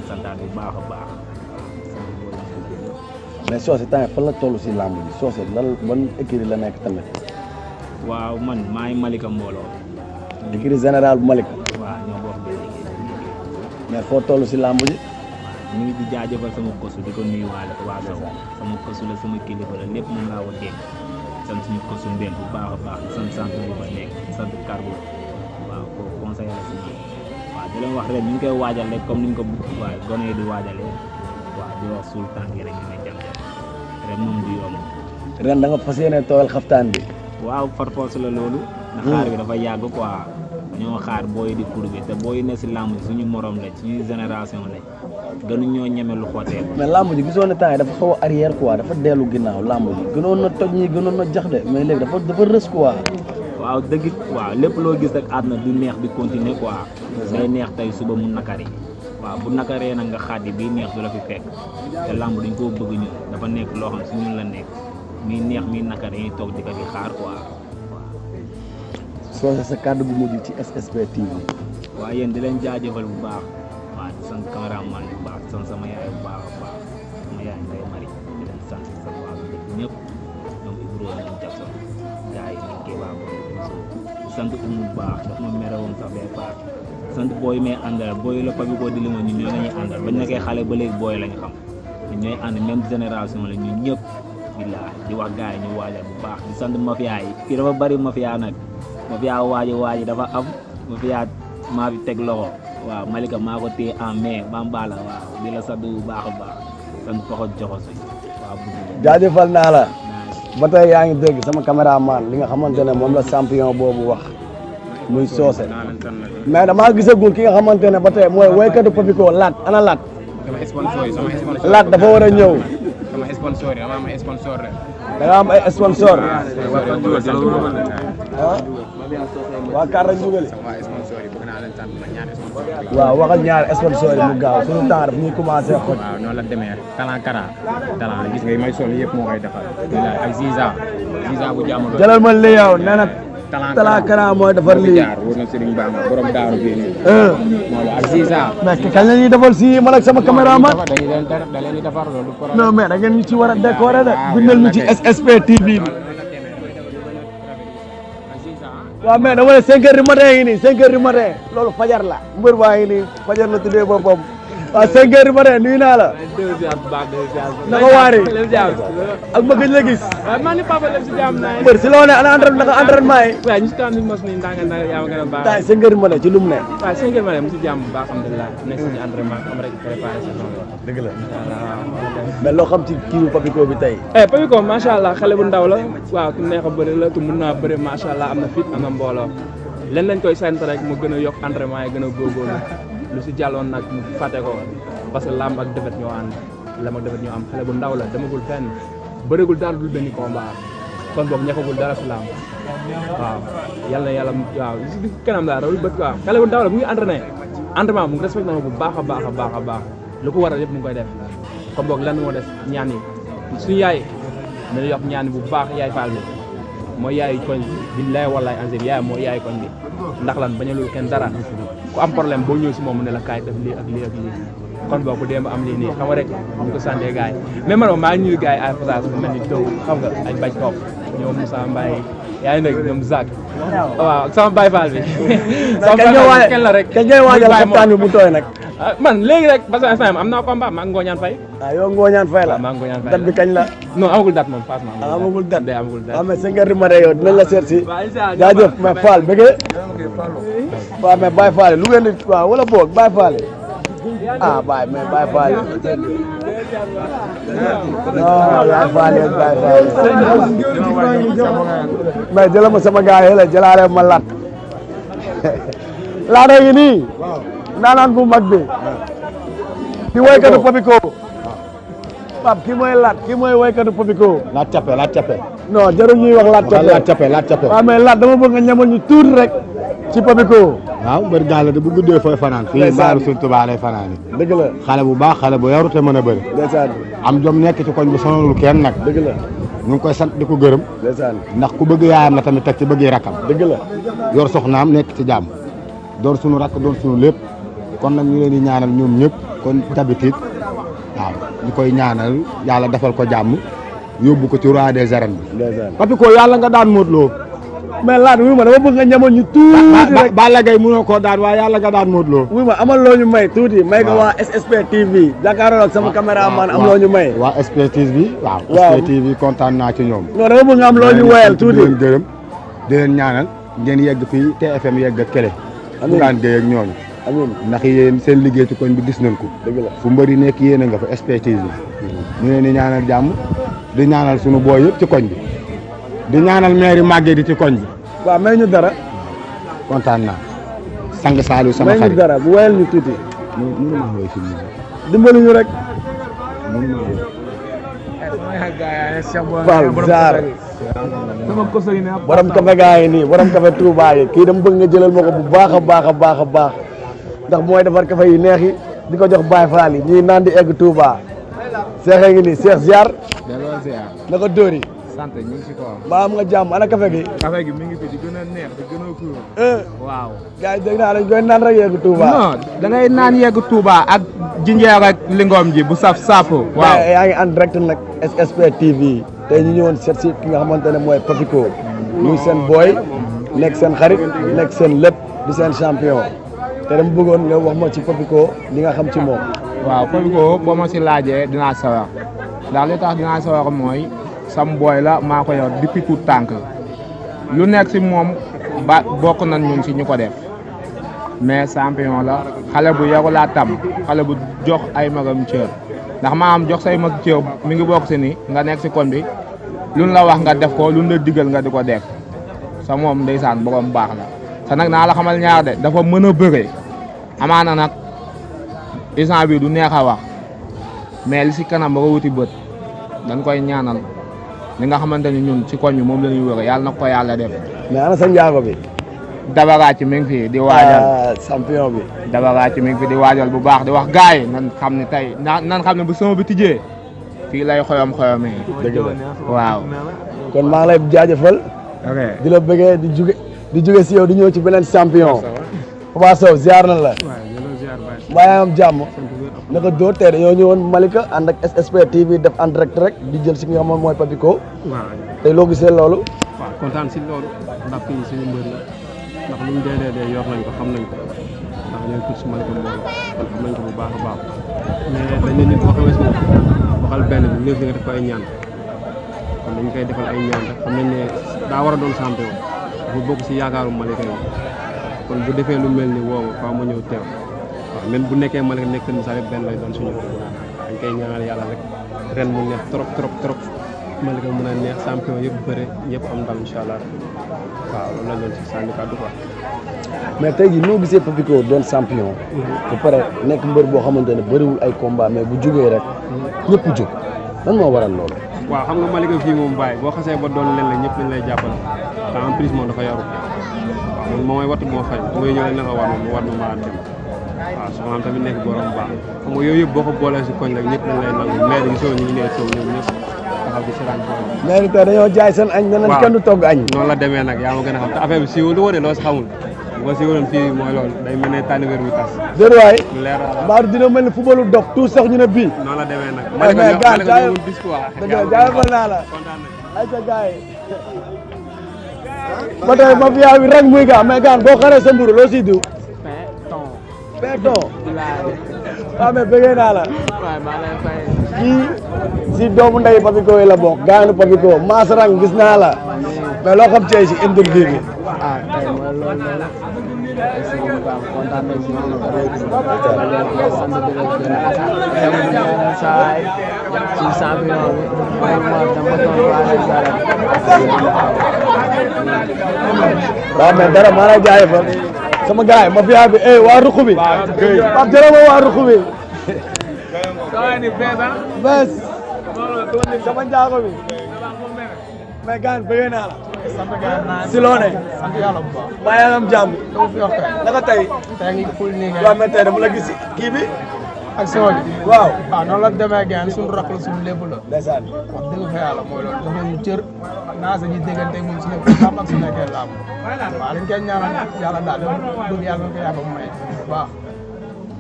santaat bu baax a baax. mais Socé temps fan la toll si làmb bi la lan ban écurie la nekk tamit. waaw man maay Malika Mbooloo. écurie général bu Malika. waaw mais foo toll si làmb ji. ñu ngi di jaajëfal sama kosu di ko nuyuwaale waa Sow sama kosu la sama kilifa la lépp mën laa ko dégg sant suñu kosu mbéen bu baax a baax sant sant bu ma nekk sant kàr waaw ko conseil la si waaw di leen wax ñu ngi koy waajal rek comme ñu ko waaye gone yi di waajalee waaw di suul tànk yi rek ñu ne jam jam ren moom du yomb ren da nga fas yéene toogal xaftaan bi waaw par force la loolu na hmm. xaar bi dafa yàgg quoi ñoo xaar booy di kurbe te booy ne si làmb suñu moroom la suñu génération la gënu ñoo ñeme lu xotee mais làmb ji gisoon na temps yi dafa xaw a arrière quoi dafa dellu ginnaaw làmb gënoon na toj ñi gënoon na jax de mais léegi dafa dafa rës quoi waaw dëgg waaw lépp loo gis rek na du neex bi continuer quoi. day neex tey suba mu nakari. waaw bu nakaree nag nga xaddi bi neex du la fi fekk te làmb dañ koo bëgg ñun dafa nekk loo xam si ñun la nekk muy neex muy nakar yi toog di ko fi xaar quoi waaw. soo sa kàddu bu mujj ci SSP TV. waaw yéen di leen jaajëfal bu baax waaw di sant cameraman bu baax di sant sama yaay bu baax a baax sama yaay Ndeye Marie di sant umu baax daf ma mere sax bee baax sant booy may àndal booy la Papi Godi li ma ñun ñoo lañuy àndal bañ nekkee xale ba léegi booy lañ xam ñun ñooy ànd même génération la ñun ñëpp billaahi di wax gars yi ñu waajal bu baax di sant mafia yi fii dafa bëri mafia nag mafia waaji waaji dafa am mafia maa fi teg loxo waaw Malika maa ko téye en mais Bamba la waaw di la bu baax a baax sant Paxo Joxo si waaw. jaajëfal naa la. ba tey yaa ngi dégg sama caméraman li nga xamante ne moom la champion boobu wax muy soose maa damaa gisagul ki nga xamante ne ba tey mooy woykatu Papiko laat ana laat laat dafa war a ñëw da nga am ay sponsor ah, waa kaar rek jógale waaw waxal ñaari sponsor yi mu gaaw suñu temps daf ñuy commencé xoj. waaw noonu la demee talent kara talent gis nga may sol yëpp moo koy defal. bilaay ay Ziza Ziza bu jàmm doon. jëlal ma li yow nee na. talent kara mooy defar lii. wóor na Serigne Bamba borom daaru fii nii. Eh. sama caméraman. da leen di defar ci war a de. Ah, bindal ñu ci SSP TV waaw mais dama ne cinq heures du matin yi nii cinq heures du matin loolu fajar la mbër baa ngi nii fajar la tuddee boppam waaw ah, cinq heures ba tey nuyu naa la. naka waare. ak ma gëj la gis. waaw ana entraînement naka entraînement yi. waaw ñu si a baax. ci nekk suñu la loo xam ci kii bu Papiko bi tey. Eh, Papiko macha allah xale bu ndaw la waaw ku neex a la ku mun naa bëri macha allah am na fit am na mbooloo leen lañ koy sant rek mu gën a yokk entraînement yi gën a góorgóorlu lu si jàlloon nag mu fàtte ko parce que làmb ak defet ñoo ànd làmb ak defet ñoo am xale bu ndaw la demagul fenn bëregul daal dul benn combat kon boobu ñàkkagul dara si làmb waaw yàlla na yàlla waaw li kanam daal rawul bët quoi xale bu ndaw la mu ngi entraîné entraînement mu ngi respecté na bu baax a baax a baax a baax lu ko waral yëpp mu koy def kon boog lan moo def ñaan yi suñu yaay nañu yokk ñaan bu baax yaay faal bi mooy yaayu koñ bi billaay wallaay angib yaay mooy yaayu koñ bi ndax lan bañalul kenn dara ku am problème boo ñëw si moom mu ne la kaay def lii kon boo ko démb am lii nii xam nga rek ñu ko santee gars yi mais man maa ngi ñuy gars yi ay passage bu mel ni taw xam nga ay baj topp ñoom Moussa yaa ngi dégg ñoom Zak. Ah, waaw sama baay faal bi. [laughs] sama baay faal bi kenn la rek. kenn ñooy waajal waxtaan bi mu tooy nag. [laughs] Ah, man léegi rek parce que instant yii am naa combat maa ngi ngooñaan fay. ah yow ngooñaan fay la waaw maa ngi ngooñaan fay la date bi kañ la. non amagul date moom Fass ma ah, amagul date day amagul date. waaw mais sëñ Gari Mare yow dinañ la seet si. jaajëf mais Fall bëggee. waaw mais Baye Fall lu ngeen di waaw wala boog Baye Fall. ah Baye mais Baye Fall non Baye Fall Baye Fall mais jëla ma sama gars yi la jëlaale ma lat [laughs] laata yi nii naanaan bu mag bi di woykatu Papiko Pape kii mooy Lat kii mooy waykatu Papiko. Lat Cappé Lat Cappé. non jarul ñuy wax Lat Cappé waaw Lat Cappé Lat Cappé. waaw ah, mais Lat dama bëgg nga ñamal ñu tuuti rek ci Papiko. waaw mbër gaal la de bu guddee fooy fanaan. fii mbaaru suñ Tuubaa lay fanaan yi. dëgg la xale bu baax xale bu yarute mën a bëri. ndeysaan am jom nekk ci koñ bi sonalul kenn nag. dëgg la ñu ngi koy sant di ko gërëm. ndeysaan ndax ku bëgg yaayam la tamit teg ci bëgg rakam. dëgg la yor soxnaam nekk ci jàmm doon suñu rakk doon suñu lépp kon nag ñu leen di ñaanal ñoom ñëpp kon tabitit waaw ñu koy ñaanal yàlla defal ko jàmm yóbbu ko ci roi des arènes bi. papi ko yàlla nga daan Modou Lo. mais laat wuy ma dama bëgg nga ñamoon ñu tuuti rek Balla Gaye mënoo koo daan waaye yàlla nga daan Modou Lo ma amal loo ñu may tuuti may ko waa SSP TV jàkkaarloo ak sama caméraman am loo ñu may waa SSP TV waaw SSP TV kontaan naa ci ñoom non dama bëgg nga am loo ñu tuuti di leen gërëm di leen ñaanal ngeen yegg fii TFM yegg ak Kélé bu daan géy ak ñooñu amiin ndax yéen seen liggéey ci koñ bi gis nañ ko. dëgg la fu mbëri nekk yéen a nga fa expertise bi. ñu leen ñaanal jàmm di ñaanal sunu booy yëpp ci koñ bi di ñaanal maire màggee di ci koñ bi. waaw may ñu dara. kontaan naa. sang Saliou sama xarit dara bu wayal ñu tuuti. mënu maa woy fi ñu rek. mënu kafe gaa yi nii borom kafe Touba kii dama bëgg nga jëlal ma ko bu baax a baax a baax a baax. ndax mooy defar kafe yu neex yi di ko jox Baye Fall yi ñuy naan di egg Touba. Seex a ngi nii Seex ziar. delloo ziar. na ko dóor yi. sant ñu ngi si kawam. nga jàmm ana kafe gi. kafe gi mi ngi fi di gën a neex gën a eh. waaw. gars yi dégg naa dañ koy naan rek yegg Touba. da ngay naan yegg Touba ak jinjeer ak ji bu saf saaf. waaw yaa ngi en direct nag SSP TV. tey ñu ñëwoon seet si ki nga xamante ne mooy Papico. muy seen booy. nekk seen xarit nekk seen lépp di seen champion. te dama bëggoon nga wax ma ci Papiko li nga xam ci moom. waaw Papiko boo ma si laajee dinaa sawar ndax li tax dinaa sawar mooy sam booy la maa ko yor depuis tout tànk lu nekk si moom ba bokk nañ ñun si ñu ko def mais champion la xale bu yaru laa tam xale bu jox ay magam cër ndax maam jox say mag cër mi ngi bokk si ni nga nekk si kon bi luñ la wax nga def ko luñ la digal nga di ko def sa moom ndeysaan borom baax la. te nag naa la xamal ñaar de dafa mën a bëre amaana nag instant bi du neex a wax mais li si kanam ba ko wuti bët dan koy ñaanal li nga xamante ni ñun ci koñ bi moom la ñuy wër yàlla na ko yàlla def. mais ana sa njaago bi. dabaraa ci mi fi di waajal ah, champion bi. dabaraa ci mi di waajal bu baax di wax gars yi nan xam ni tey nan xam ne bu sama bi tijjee fii lay xoyom xoyomee. dëgg waaw. kon maa ngi lay jaajëfal. di la bëggee di juge. di jóge si yow di ñëw ci beneen champion. Papa Sow ziar na la. waaye am jàmm naka doo tey dañoo ñëwoon Malika ànd ak SSP TV def en direct rek di jël si nga xam mooy Papico. ko tey loo gisee loolu. waaw kontaan si loolu ndax kii si mbër la ndax lu mu dee dee yor nañ ko xam nañ ko ndax ñooy tudd si Malika Mbow kon xam nañ ko bu baax a baax mais dañ ñu nit boo xamee si moom waxal benn bi léegi nga def ko ay ñaan kon dañ koy defal ay a rek xam nañ daa war a doon champion dafa bokk si yaakaaru Malika yi kon bu defee lu mel ni woo faa ma ñëw teew waaw même bu nekkee Malika nekk na sax benn lay doon suñu dañ koy ñaanal yàlla rek ren mu ne trop trop trop Malika mën a neex champion yëpp bëre ñëpp am ndam incha allah waaw loolu la ñu doon si sànni kàddu quoi. mais tey jii noo gisee Papiko doon champion. Mhm. bu pare nekk mbër boo xamante ne bëriwul ay combat mais bu jógee rek. Mhm. ñëpp jóg lan moo waral lool waaw xam nga Malika fii moom bàyyi boo xasee ba doon leen la ñëpp dañ lay jàppale te en plus moom dafa yaru waaw man moom mooy wattu moo fay mooy ñëw leen na nga war ma war dem waaw su ma tamit nekk borom baax xam nga yooyu boo ko boolee si koñ rek ñëpp dañ lay nangu maire yi soo ñu nee taw ñoom ñëpp taxaw di seetaan maire yi tey dañoo jaay togg añ noonu la demee nag yaa ma gën a xam te affaire bi siiwul lu wëree loo si xamul bu ko siiwaloon fii mooy loolu day mel ne tànniwéer bu tas. déet waay mbaa dina mel ne footballu dof tout sax ñu ne bii. noonu la demee nag. Eh, ma ne ko ma ne ko ñëwul bis quoi. dëgg la jaayal naa la ayca gars yi. [laughs] ba tey mafia bi rek muy gaa mais gaan boo xaree sa mburu loo siy diw. Perton. Perton. waaw ah, mais bëggee naa la. waay maa lay fay. kii si doomu ndeyu Papiko yi la bokk. gaanu Papiko Mass Rang gis naa la. mais loo xam cee si interview bi. ah lool lool si moom bu baax kontaan nañ si moom la sant bi si champion bi mooy dama doon waaye dara. waaw mais dara maa lay jaayee fa sama gars yi mafia bi eh waa ruq bi. waaw jërëma waa ruq bi. bés. sama njaago bi. mais gaan bëggee naa la. sant naa si loo ne. sant yàlla bu baax. maa yaa am jàmm. naka tey. tey ngi ful nii nga. waaw mais tey dama la gis kii bi. ak soo ji. waaw waaw ah, noonu la demee gaan suñu rakk la suñu lépp la. ndeysaan wax dëgg fa yàlla mooy loolu dafa ñu cër. naa sa ñuy déggante moom su nekk làmb ak su nekkee làmb. waaw liñ koy ñaanal yàlla daal bëgg yàlla na ko yàlla may bu baax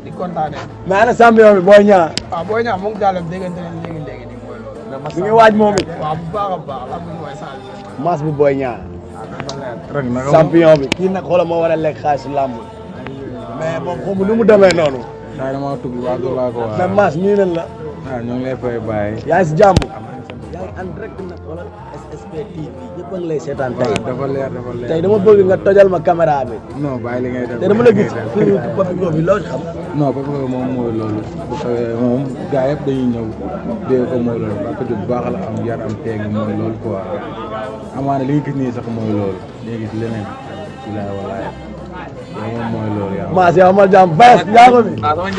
di kontaanee. mais ana champion bi booy ñaa. Ah, waaw booy ñaa mu ngi daal déggante léegi ñu ngi waaj moom it. waaw bu baax a baax bu booy ñaar. champion bi kii nag xoolal moo war a lekk xaalis làmb. mais moom xamu nu mu demee noonu. waaw damaa tukki waaw la. waaw ah, ñoo ngi lay fay yaa ngi si TV ñëpp a lay seetaan tey dafa leer dafa tey dama bëgg nga tojal ma caméra bi. non bàyyi te dama la gis Papito bi loo xam. non Papito moom moom gaa yëpp dañuy ñëw dégg ko mooy loolu parce que bu baax la am yar am teeg loolu ko amaana li nga gis nii sax mooy loolu li nga gis leneen. bilaay maa si eh, bi. waaw sama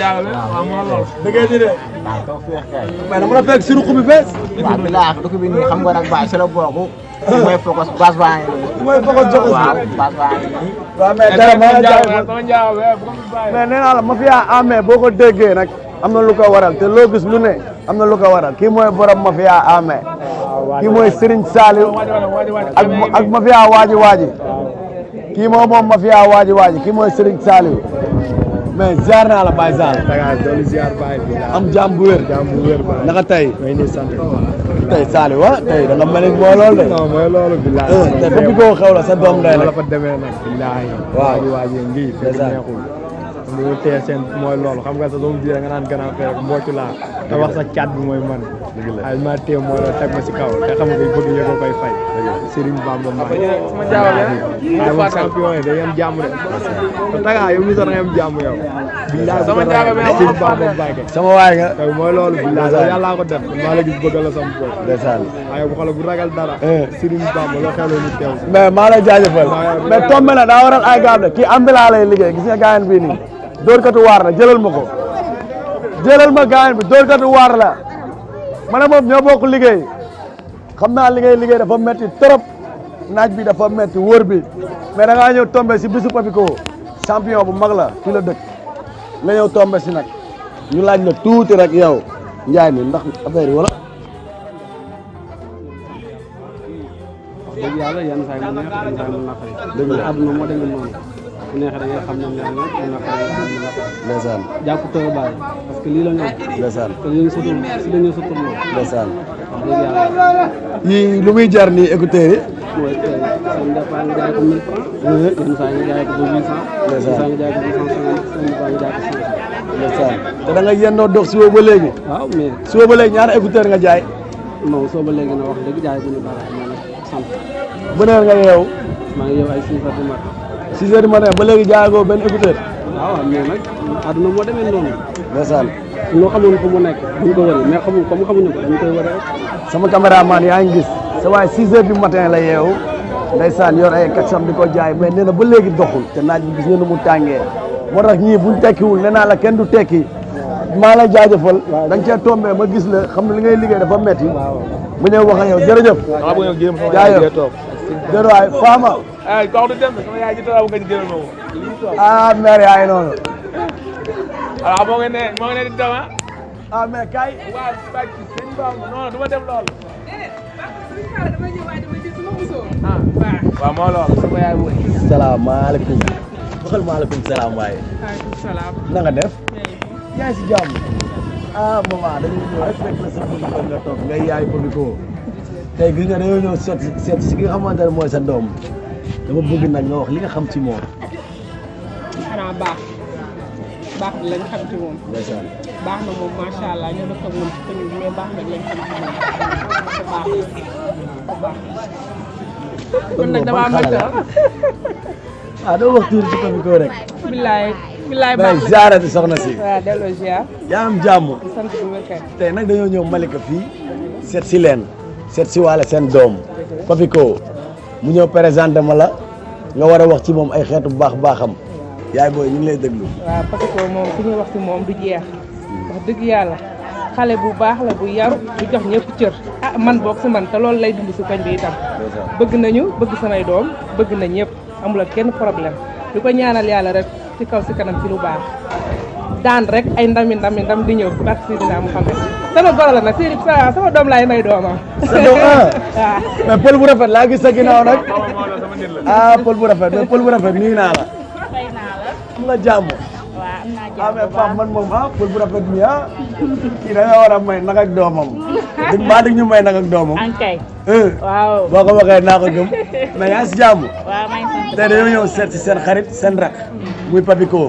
njaago ma fi yaa amee ah, boo ko déggee nag am na lu ko waral te loo lu ne am na lu ko waral kii mooy borom ma fi yaa amee. kii mooy Serigne Saliou ak ma fi yaa waaji waaji. kii moom moom ma fi yaa waaji waaji kii mooy Serigne Saliou mais ziar naa la Baye Sall. am jàmm bu wér. jàmm bu wér naka tey. tey Saliou ah tey da nga mel ni mooy loolu de. non mooy loolu bilaay. Eh, te depuis koo xew la sa doom day nag. waaw waaw. tey seen mooy loolu xam nga sa doom ji nga naan gànnaaw fee rek mbocc laa. te wax sa caat bi mooy man ay ma téye moo la teg ma si kaw te xam nga bëgg nga ko koy fay Serigne Bamba ma sama jaawale champion yi day am jàmm de te tagaa yow mi sax nga am jàmm yow billahi sama jaaga bi Serigne Bamba Mbacké sama waay nga tey mooy loolu billahi yàlla ko def maa la gis bëgg la sama bopp ndeysaan ay bu xool bu ragal dara Serigne Bamba loo xeloo ñu teew mais maa lay jaajëfal mais tombé na daa waral ay gaab de kii ambila lay liggéey gis nga gaayen bii nii dóor katu waar na jëlal ma ko jëlal ma gaañ bi dóorkatu waar la ma ne moom ñoo bokk liggéey xam naa li ngay liggéey dafa metti trop naaj bi dafa metti wóor bi mais da ngaa ñëw tombé si bisu Papico champion bu mag la fii dëkk la ñëw tombé si nag ñu laaj la tuuti rek yow njaay mi ndax affaire yi wala. wax yàlla yenn saa yi mu neex yenn saa bu neexee da xam ne leer nga xam ne ndeysaan jàpp parce que lii la ñu ndeysaan si la ñu sotul ndeysaan lu muy jar nii écouteurs yi mooy eh, seen départ nga jaay ko mille francs yenn saa ba huit cent yenn saa nga jaay ko nga jaay ko cinq cent ndeysaan te da yeew maa ngi yeew ay six heures six heures du matin ba léegi jaayagoo benn écouteur. waaw waaw mais moo demee noonu. ndeysaan. ñoo xamoon ko mu nekk duñ ko wëri mais xamul comme xamuñu dañ koy wëri rek. sama yaa ngi gis sa waay six heures du matin la yeewu ndeysaan yor ay kaccam di ko jaay mais nee na ba léegi doxul te naaj bi gis ne nu mu tàngee moo tax ñii bu tekkiwul nee naa la kenn du tekki maa la jaajëfal da nga cee tombé ma gis la xam ne li ngay liggéey dafa metti mu ñëw wax ak yow jërëjëf jaajëf déedéet waay Fama. ay eh, kaw du dem de sama yaay ji taw nga ci jëloon ma ko. ah mère yaa ngi noonu. alors ah, moo ngi ne moo ngi ne di dem ah. ah mais kay. waaw bàcc sëñ Ba non du ma dem lool. ah waaw moo lool sama yaay bu. salaamaaleykum. waxal maaleykum salaam waaye. maaleykum salaam. na nga def. yaa ngi si jàmm. ah maman dañuy ñëw rek fekk la sa bëgg nga toog ngay yaay bëgg ko. tey gis nga dañoo ñëw seet seet si ki nga xamante ne mooy sa doom dama bëgg nag nga wax li nga xam ci moom. xanaa baax baax bi lañ xam ci moom. ndeysaan baax na moom macha allah ñu dëkk ak moom ci commune bi mais baax rek lañ xam ci moom te baax te baax. kon nag damaa météo. ah doo wax tuuti ci commune ko rek. billaay. bilaay baax na ziara di soxna si. waaw delloo ziar. yaa am jàmm. sant bu wér kay. tey nag dañoo ñëw Malika fii seet si leen. seet si waale seen doom Papiko mu ñëw présenté ma la nga war a wax ci moom ay xeetu baax baaxam yaay booy ñu ngi lay déglu. waaw Papiko moom ku ñuy wax ci moom du jeex wax dëgg yàlla xale bu baax la bu yaru bu jox ñëpp cër ah man boog si man te loolu lay dund si koñ bi itam bëgg nañu bëgg samay doom bëgg na ñëpp amul ak kenn problème di ko ñaanal yàlla rek ci kaw si kanam ci lu baax daan rek ay ndami ndami ndam di ñëw parce que dinaa mu xam ne sama goro la nag Serigne sa sama doom laay may doomam. sa doom ah. [laughs] waaw mais pël bu rafet laa gis sa ginnaaw nag ah pël bu rafet mais pël bu rafet nii naa la. fay naa la. am nga jàmm. waaw am naa jàmm ah, mais Pape man moom ah pël bu rafet bi ah kii da nga war a may nag ak doomam. [laughs] dig mbaa dig ñu may nag ak doomam. ankay eh. waaw. boo ko waxee naa ko gëm [laughs] mais yaa si jàmm. waaw maa ngi sant tey dañoo ñëw seet si seen xarit seen rak muy Papiko.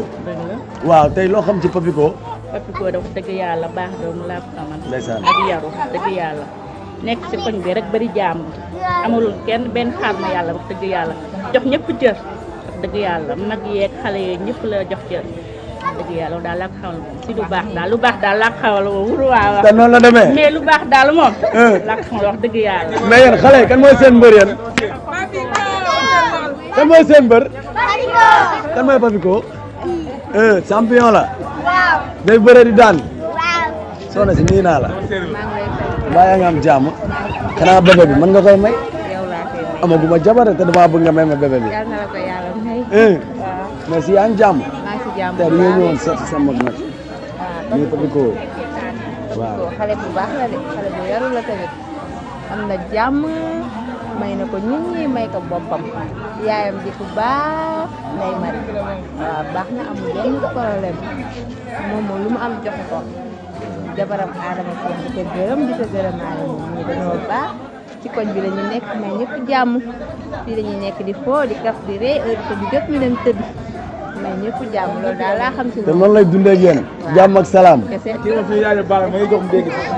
waaw tey loo xam ci Papiko. Papiko dafa dëgg yàlla baax doomu laa ko xamal. ndeysaan ak yaru dëgg yàlla. nekk ci koñ bi rek bari jàmm amul kenn benn xaar ma yàlla wax dëgg yàlla jox ñëpp cër dëgg yàlla mag yeeg xale yeeg ñëpp la jox cër dëgg yàlla daal laa ko xawal moom si lu baax daal lu baax daal laa ko xawal moom wul waa wax. te noonu la lu baax daal moom. Euh. laa ko xawal wax dëgg yàlla. mais yéen xale yi kan mooy seen mbër yéen. kan mooy seen mbër. kan mooy Papiko. Eh, champion la. waaw. day bëre di daan. waaw. si nii la. mbaa yaa nga am jàmm. xanaa bébé mën nga koy may. amaguma jabar te damaa bëgg may ma bébé bi. yàlla na la ko yàlla may. Eh, mais si yaa ngi jàmm. maa ngi si bu baax la de xale bu yaru la tamit am na may na ko nit may ko boppam. yaayam di ku baax nay mari waaw moom moom lu mu am joxe ko jabaram aadama ko gërëm di gërëm aadama ñu baax ci koñ bi lañu nekk mais ñëpp jàmm fii lañu nekk di foo di kaf di ree heure ko di jot ñu dem tëdd mais ñëpp jàmm loolu daal laa xam si te noonu lay dundee ak yéen salaam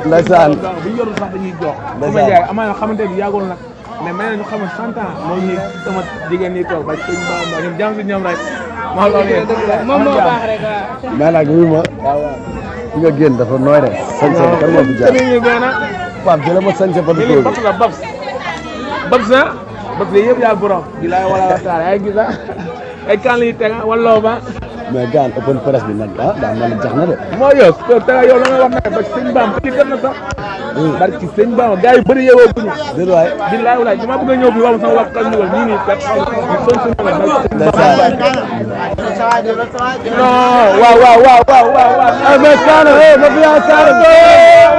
ndeysaan ndeysaan xamante bi yàggoon nag mais may ñu xamul cent ans moom ñi sama jigéen ñi toog ba ci ba ñoom jàmm si ñoom rek moo loolu moom moo baax rek waaw mais nag wuy ma ki nga génn dafa nooy rek sañ sañ kan moo fi jaar Pape jëlee ma sañ sa fa du toog Babs la Babs Babs na Babs yëpp yaa borom di lay wala taal ay gis ay kan lay teg wala ba mais gaan open press bi nag ah daa mel ni jax na de. moo yow tey yow la nga wax nag ba sëñ Bamba ci gën na sax. barki sëñ Bamba gars yu bëri yeewoo bu ñu. déedéet waay billaay walaay dama bëgg a ñëw bi wax sama wax kan ñu wal ñii nii kat ñu son suñu wal nag sëñ Bamba. non waaw waaw waaw waaw waaw waaw. mais Saana eh ma fi yaa Saana. waaw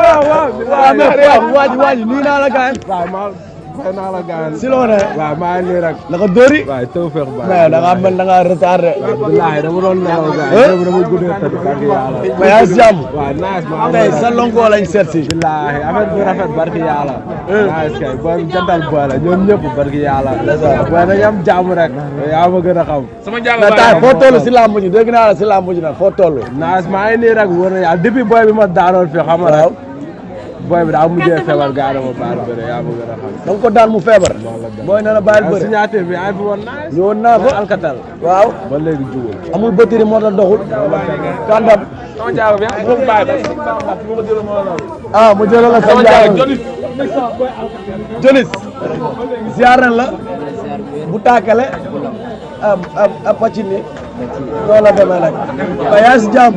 waaw waaw. waaw mais waaw waaj waaj nuyu naa la gars. fay naa la gaañ. si loo ne. waaw maa ngi nii rek. naka dóori. waaw taw fex baax. mais da ngaa mel da ngaa retardé. wallaahi dama doon nelaw gaañ. dama dama guddee tëdd barki yàlla. mais yaa ngi si jàmm. waaw naaj ma am tey sa lonko lañ seet si. wallaahi affaire bi rafet barki yàlla. naaj kay booy jantal booy la ñoom ñëpp barki yàlla. waaw dañuy am jàmm rek. yaa ma gën a xam. sama jàmm baax na foo toll si làmb ji dégg naa la si làmb ji nag foo toll. naaj maa ngi nii rek wóor na yàlla depuis booy bi ma daanoon fi xam nga booy bi daa mu feebar gaa dama baal bëre yaa a ko daan mu feebar. booy na la baal bëre signature bi yaa fi woon naa. ñëwoon naa fa alkatal. waaw ba léegi jugul. amul bëtëri moo la doxul. kàndam. ah mu jëloon la sa jaaro jolis ziar na la bu taakale a a loolu la demee nag ba yaa si jàmm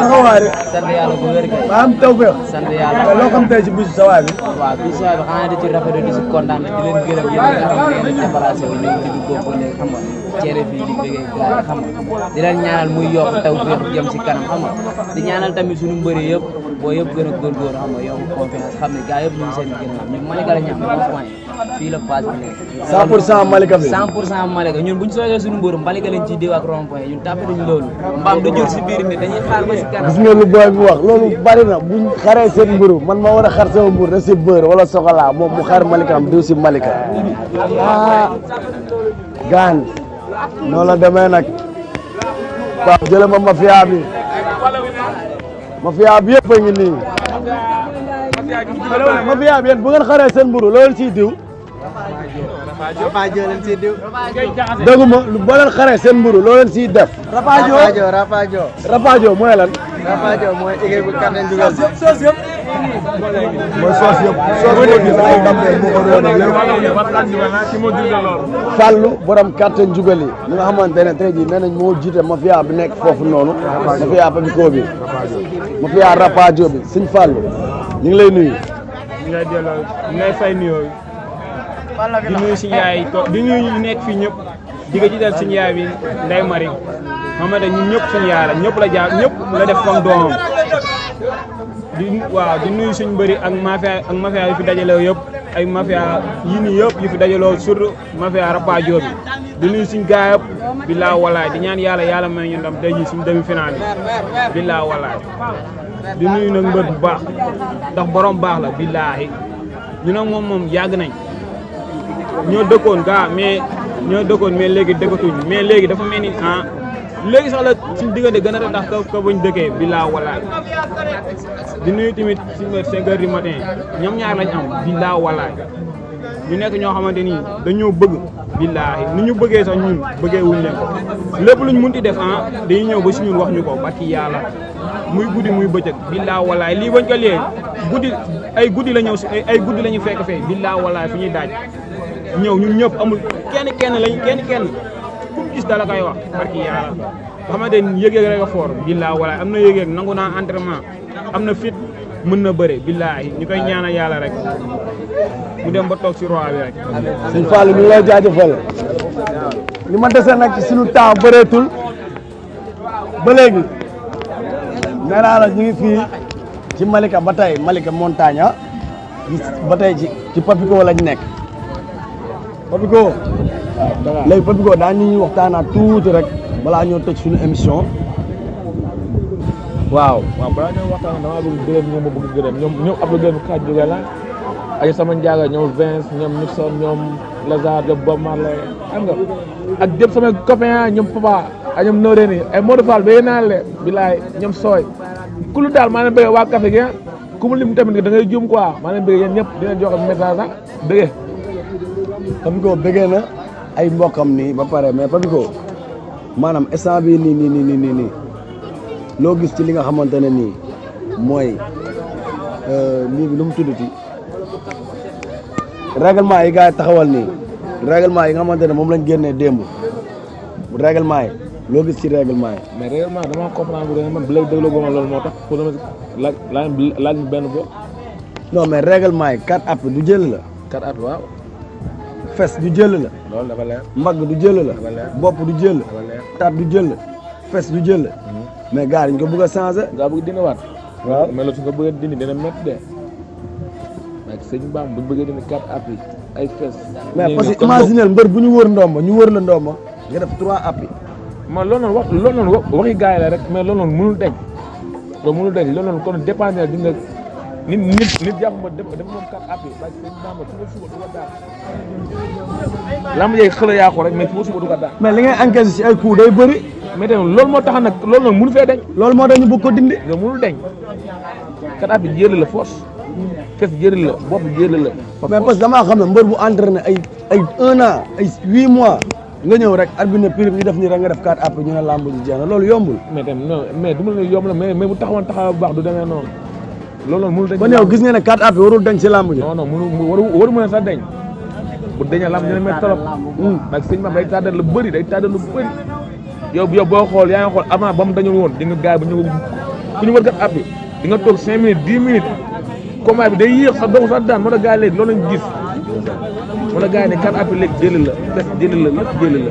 naka waa de sant yàlla bu wér kay ba am tawfeex sant yàlla loo xam tey si bisu sawaay bi waaw bisu sawaay bi xanaa di ci rafetlu di si kontaan di leen gërëm yéen nga xam ne yéen déplacé wu ñëw di dugg ko ne xam nga cere fii di bëggee gaay xam di leen ñaanal mu yokk taw féex jëm si kanam xam nga di ñaanal tamit suñu mbëri yëpp boo yëpp gën a góorgóorlu xam nga yow confiance xam ne gars yëpp ñu ngi seen ginnaaw ñun Malika la ñu am moo point fii la phase bi nekk 100 pour cent Malika bi 100 pour cent Malika ñun bu ñu soxee suñu mbëru Malika lañ ciy diw ak rond point ñun tàpp nañu loolu mbaam da jur si biir wax loolu bari na buñ xaree seen mbëru man ma war a xar sama mbër wala soxalaa moom mu xar Malika am diw si Malika ah gaan noonu la demee nag waaw jële ma mafia bi mafia bi yëpp a ngi nii mafia bi yéen bu ngeen xaree seen mburu loolu ciy diw rapajo leen siy diw. déggu ma def. rapajo rapajo rapajo mooy soos yëpp moo ko doon ak kàttan jugali mi nga xamante ne tey jii nee nañ moo jiite mafia nekk foofu noonu. mafia Papico bi. mafia Rapadio bi sëñ Fallou ñu ngi lay nuyu. ñu lay fay nuyoo di nuyu suñu yaay toog di nuyu ñu nekk fii ñëpp di nga jiital suñu yaay bi Ndeye Marie xam ñun ñëpp suñu yaay la ñëpp la jaar ñëpp def comme doomam. di di nuyu suñu bëri ak mafia ak mafia yi fi dajaloo yëpp ay mafia yi nii yëpp yi fi dajaloo surtout mafia rapajo bi di nuyu suñu gaa yëpp billaa walaay di ñaan yàlla yàlla ma ñu ndam tey jii suñu demi finale di nuyu nag bu baax ndax borom baax la billaahi ñu nag moom moom yàgg nañ ñoo dëkkoon gaa mais ñoo dëkkoon mais léegi dëkkatuñ mais léegi dafa mel ni ah léegi sax la suñ diggante gën a ratax ka ka bañ dëkkee billaa walaay di nuyu tamit cinq heures cinq heures du ñoom ñaar lañ am billaa walaay ñu nekk ñoo xamante ni dañoo bëgg billaahi nu ñu bëggee sax ñun bëggee wuñ leen ko lépp luñ munti def ah dañu ñëw ba si ñun wax ñu ko barki yàlla muy guddi muy bëccëg billaa walaay lii bañ ko liyee guddi ay guddi la ñëw si ay guddi la ñu fee billaa walaay fu ñuy daaj ñëw ñun ñëpp amul kenn kenn lañ kenn gis dala koy wax barki yàlla nga yëg-yëg rek a foor billaa walaay am na yëg-yëg nangu naa entraînement am na fit mën na bëre billaahi ñu koy ñaanal yàlla rek mu dem ba toog si roi bi rek. sëñ Fallou ñu ngi lay jaajëfal li ma dese nag si suñu temps bëreetul ba léegi nee la ñu ngi fii ci Malika ba tey Malika montagne ah. ba ci ci Papico lañ nekk léegi Papiko daa ñuy waxtaanaat tuuti rek balaa ñoo tëj suñu émission. waaw balaa ñoo waxtaan damaa bëgg gërëm ñoom ma bëgg gërëm ñoom ñoom Abdou Gueye Ka jóge sama njaaga ñoom Vince ñoom Nixon ñoom Lazare ñoom Bob Marley xam nga ak jëpp sama copain ñoom Papa ak ñoom Noreni ay Modou Fall bay naan le bilaay ñoom sooy ku lu daal maa leen bëggee waa café gi ah. ku lim tamit da ngay juum quoi maa leen bëggee yéen ñëpp dinañ joxe message ah bëggee. xam na. ay mbokkam ni ba pare mais Papiko maanaam instant bii nii nii nii ni ni loo gis ci li nga xamante ne nii mooy euh, lii bi nu mu tuddati règlement yi gars taxawal ni règlement yi nga xamante ne moom lañ génnee démb règlement yi loo gis ci règlement yi. mais règlement dama comprendre que man bu la dégloo ba ma loolu moo tax pour la laaj benn bopp. non mais règlement yi quatre app du jël la. quatre appuis waaw. fes du jël la. loolu dafa leer mbagg du jël la. bopp du jël. tat du jël fes du jël. Mhm. mais gars dañ ko bëgg a changé. gaa bëgg dina waat. waaw mais la su ko bëggee dindi dina métti de. mais sëñ Bam bu ñu bëggee dindi quatre appui ay fes. mais parce que imaginez bu ñu wër ndomba ñu wër la ndomba nga def trois appui. man loolu noonu wax loolu noonu waxi gars yi la rek mais loolu noonu mënul deñ loolu mënul nit nit nit jàpp ma dem dem moom kàpp àpp yi parce que dañ yaa ko rek mais fu ma suba du mais li ngay encaissé si ay coup day bëri mais moo tax nag loolu nag mënu fee deñ loolu moo tax ñu bëgg ko dindi nga mënul deñ kat àpp yi jël la force fes jël la bopp jël la mais parce que damaa xam ne mbër bu entraîné ay ay un an ay huit mois nga ñëw rek arbitre ne prime ñu def ni rek def quatre àpp ñu ne làmb ji jeex na loolu yombul mais tamit non mais du ma la yomb la mais mais bu taxawoon taxaw bu baax du demee noonu loolu mënul dañ. kon yow gis nga ne quatre appuis warul dañ si làmb ji. non non mënu waru waru mën a sax dañ bu dañee làmb ñu ne mel trop. ndax hmm. sëñ Mame bëri day tàddal lu yow yow boo xool yaa ngi xool avant ba mu dañul woon di nga gars yi bu ñu bu ñu war quatre appuis di nga toog cinq minutes dix minutes combat bi day yéex sax doog sax daan moo tax gars yi léegi loolu lañ gis. moo tax gars yi ne quatre appuis léegi jëli la des jëli la lépp jëli la.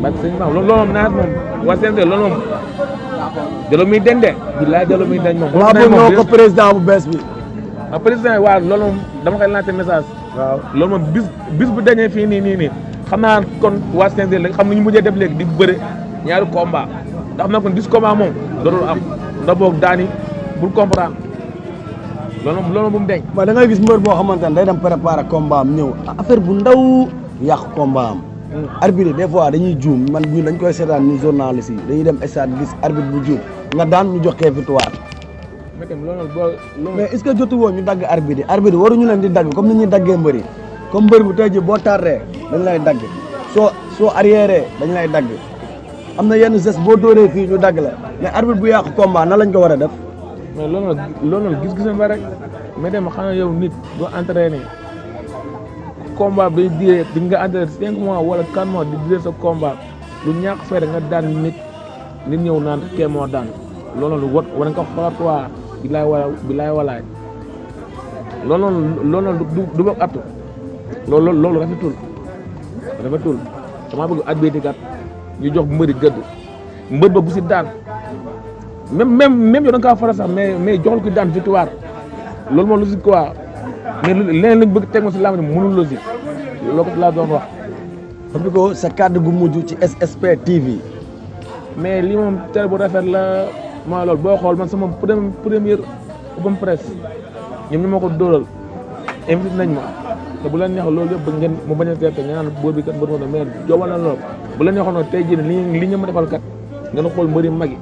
ndax sëñ Mame loolu loolu moom naaj moom waa CNG moom. delloo muy den de. bilaay delloo muy den moom. waaw moom ñoo ko président bu bees bi. ah président waaw loolu moom dama koy lancer message. waaw loolu moom bis bu dañee fii nii nii xam naa kon waa CNG léegi xam nga ñu mujjee def léegi di bëre ñaari combat ndax xam ko kon dix combat moom dootul am ndax boog daani bu comprendre loolu moom loolu moom bu mu deñ. waaw da gis mbër boo xamante ne day dem préparer combat am ñëw affaire bu ndaw yàq combat am. Hmm. arbitre des fois dañuy juum man ñun dañ koy seetaan ñu journaliste yi dañuy dem stade gis arbitre bu juum. nga daan ñu jox kee victoire. mais tamit loolu boo mais est-ce que jotu woo ñu dagg arbitre yi arbitre yi waruñu leen di dagg comme ni ñuy daggee mbër yi comme mbër bu tey ji boo tardé dañ lay dagg soo soo arrière dañ lay dagg am na yenn ses boo dóoree fii ñu dagg la mais arbitre bu yàqu combat na lañ ko war a def. mais loolu nag loolu nag gis-gisam la rek mais dem xanaa yow nit boo entraîné combat bi day diire di nga entraîné cinq mois wala quatre mois di diire sa combat lu ñàkk fay nga daan nit. nit ñëw naan kee moo daan loolu lu wat war nga ko xoolaat waa bilaay wala bilaay walaay lool lool du du ma attu loolu rafetul rafetul damaa bëgg at bii kat ñu jox mbëri gëdd mbër ba bu si daan même même même yow da nga kaa sax mais mais joxal ko daan victoire loolu moo logique quoi mais leneen bëgg teg ma si làmb ji mënul logique loolu ko laa doon wax. ko sa kàddu gu mujj ci SSP TV. mais lii moom télé bu rafet la ma loolu boo xool ma sama première open presse ñoom ñu ma ko dóoral invité nañ ma te bu leen neex loolu yëpp ba ngeen mu bañ a teerte nga bi kat bër na mais jobal na loolu bu leen neexoon tey jii li li ñu ma defal kat ngeen xool mbëri mag yi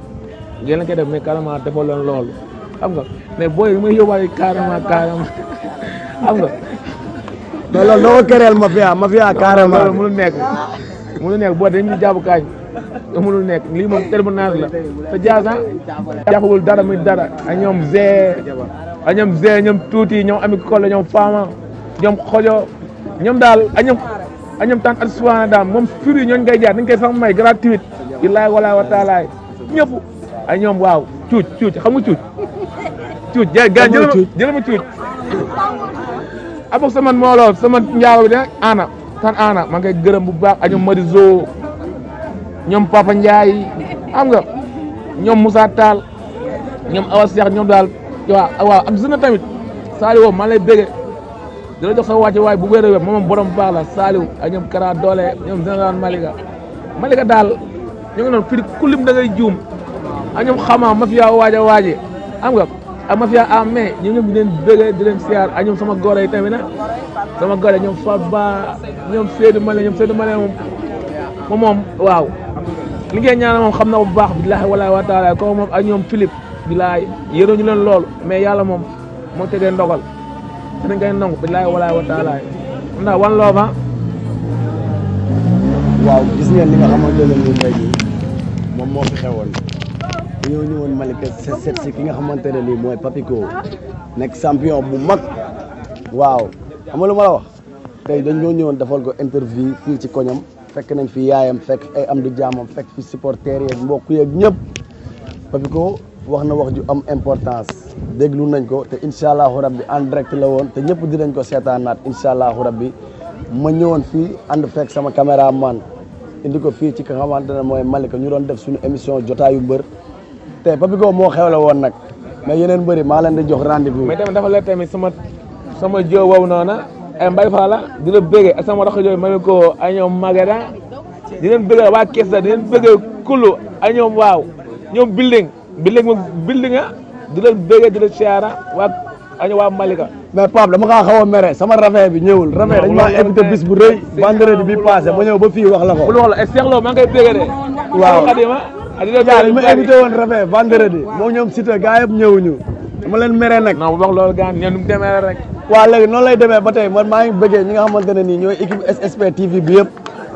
ngeen la koy def mais carrément defal leen loolu xam nga mais booy bi may yóbbaale xam nga loolu loolu doo ko kereel mafia mafia carrément loolu mënul nekk mënul nekk boo dañuy jàpp kaañ mënul nekk lii moom télémonage la te jaasa ah, jàppagul dara muy dara ak ah, ñoom zee ak ah, ñoom tuuti ñoom ami kolle ñoom faama ñoom xojo ñoom daal ak ñoom ak ñoom tan at suwaana moom fur yi ñooñ koy jaar dañ koy sax may gratuite billaahi walaahi wa taalaay ñëpp a ñoom waaw cuuc cuuc xam nga cuuc cuuc ga jël ma cuuc abog sama mooloo sama njaago bi de ana tan ana maa ngi gërëm bu baax ak ñoom mari zo ñoom Papa Ndiaye xam ñoom Moussa taal ñoom Awa Cheikh ñoom daal waaw waaw ak zëna tamit Saliou maa lay bëgge jox sa wàcce waay bu wér a moom borom baax la Saliou ak ñoom Kara Doole ñoom général Malika Malika daal ñu ngi noonu fii ku lim da ngay juum ak ñoom xamaa ma fiyaa waaj a waaje xam nga ak ma fiyaa a mai ñu ñoom di leen bëgge di leen siyaar ak ñoom sama gore yi tamit na sama gore ñoom Faba ñoom Seydou Malé ñoom Seydou Malé moom moom waaw li ngeen ñaanal moom xam na ko bu baax billaahi walaahi wa taala ko moom ak ñoom Philippe billaahi yéen ñu leen mais yàlla moom moo tegee ndogal danañ koy nangu billaahi walaahi wa taala ndax ah. wan loo moom moo fi xewoon dañoo ñëwoon Malika seet si ki nga xamante ne nii mooy Papico nekk champion bu mag waaw xam nga lu ma la wax tey dañoo ñëwoon defal ko interview fii ci koñam fekk nañ fi yaayam fekk ay am di jaamam fekk fi supporters yeeg mbokk yeeg ñëpp Papiko wax na wax ju am importance déglu nañ ko te incha allahu rabbi en direct la woon te ñëpp dinañ ko seetaanaat incha allahu rabbi ma ñëwoon fii ànd fekk sama caméraman indi ko fii ci ka xamante ne mooy Malika ñu doon def suñu émission jotaayu mbër te Papiko moo xew xewle woon nag mais yeneen mbëri maa leen di jox rendez-vous. mais tamit dafa la tamit sama sama jëw wow noona Eh, Mbaye Fall di la bëggee ak sama rax jooju ma ne ko ay ñoom Magada ah. di leen bëggee waa Kees da di leen bëggee Kulu ay ñoom waaw ñoom building building moom building ah di leen di la siyaara waa año waa Malika. mais Pape dama kaa xaw a mere sama rafet bi ñëwul. rafet dañ maa invité bis bu rëy. vendredi bi passé ma ñëw ba fii wax la ko. bu wax la et Cheikh Lo maa ngi koy bëggee de. waaw Aliou ah. Xadima. Aliou Xadima ma invité woon rafet vendredi. moom ñoom Cité gaa yëpp ñëwuñu. dama leen meree nag. non bu wax loolu noonu lay demee ba tey man maa ngi bëggee ñi nga xamante ne nii ñooy équipe SSP TV bi yëpp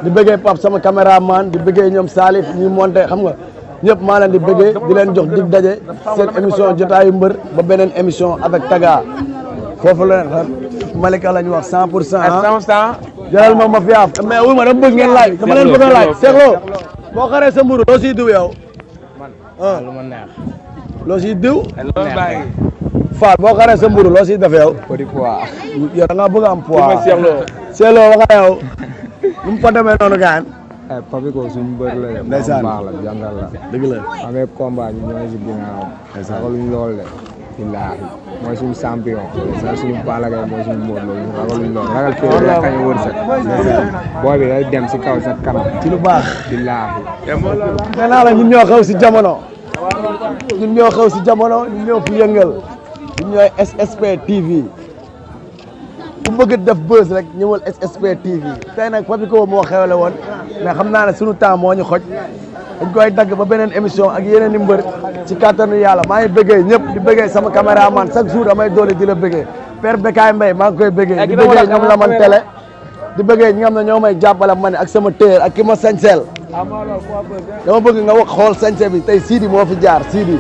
di bëggee Pape sama caméraman di bëggee ñoom Salif ñuy monté xam nga ñëpp maa leen di bëggee di leen jox dig daje seen émission jotaayu mbër ba beneen émission avec Taga foofu la Malika la ñu wax 100 pour cent ah. jëlal ma ma fi mais wuy ma dama bëgg ngeen laaj dama leen bëgg a laaj. Cheikh Lo boo xaree sa mburu loo siy diw yow. Ah. loo siy diw. Fall boo xaree sa mburu loo siy def yow. yow da nga bëgg am poids. seelo waxa yow. nu mu fa demee noonu gaan ay eh, Papiko suñu mbër la de. ndeysaan baax la jàngal la. dëgg la amee combat ñu ñooy si ginnaaw. ndeysaan ragaluñ lool de. billaahi mooy suñu champion. ndeysaan suñu suñu Modou Lo bi day si kaw sa kanam. ci lu baax billaahi. nee naa la ñun ñoo xew si jamono. ñun ñoo xew si jamono ñun ñoo fi yëngal ñun ñooy SSP TV ku bëgg def buzz rek ñëwal SSP TV tey Papiko moo xewle woon mais xam naa ne sunu temps moo ñu xoj dañ koy dagg ba beneen émission ak yeneen i mbër ci kàttanu yàlla maa ngi bëggee ñëpp di bëggee sama caméraman chaque jour damay doole di la bëggee Père Bekaay Mbaye maa ngi koy bëggee di bëggee ñoom Lamane Télé di bëggee ñi nga xam ne ñoo may jàppale ma ne ak sama téer ak ki ma sañseel dama bëgg nga wax xool sañse bi tey Sidi moo fi jaar Sidi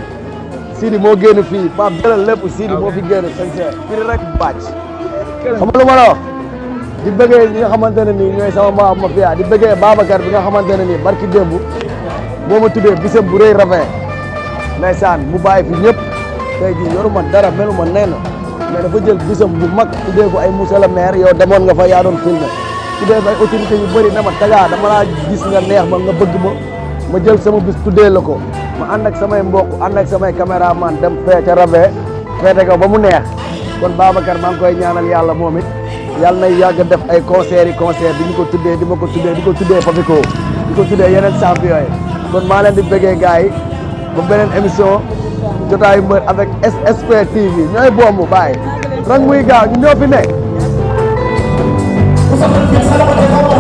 Sidi moo génn fii Pape jëlal lépp Sidi moo fi génn sañse fii rek bàcc xam nga lu ma la wax di bëggee ñi nga xamante ne nii ñooy sama mbaa ma fiyaa di bëggee Babacar bi nga xamante ne nii barki démb moo ma tuddee bisam bu rëy rafet ndeysaan bu bàyyi fi ñëpp tey jii yoruma dara meluma nen mais dafa jël bisam bu mag tuddee ko ay monsieur le maire yow demoon nga fa yaa tuddee ay autorité yu bëri ne ma tagaa dama laa gis nga neex ma nga bëgg ma ma jël sama bis tuddee la ko ma ànd ak samay mbokk ànd ak sama samay caméraman dem fee ca rabee feete ko ba mu neex kon baa Babacar maa ngi koy ñaanal yàlla moom it yàlla nay yàgg def ay concert yi concert di ñu ko tuddee di ma ko tuddee di ko tuddee Papiko di ko tuddee yeneen champion yi kon maa leen di bëggee gars yi ba beneen émission jotaayu mbër avec SSP TV ñooy bomb bàyyi rang Vous entendez bien ça, la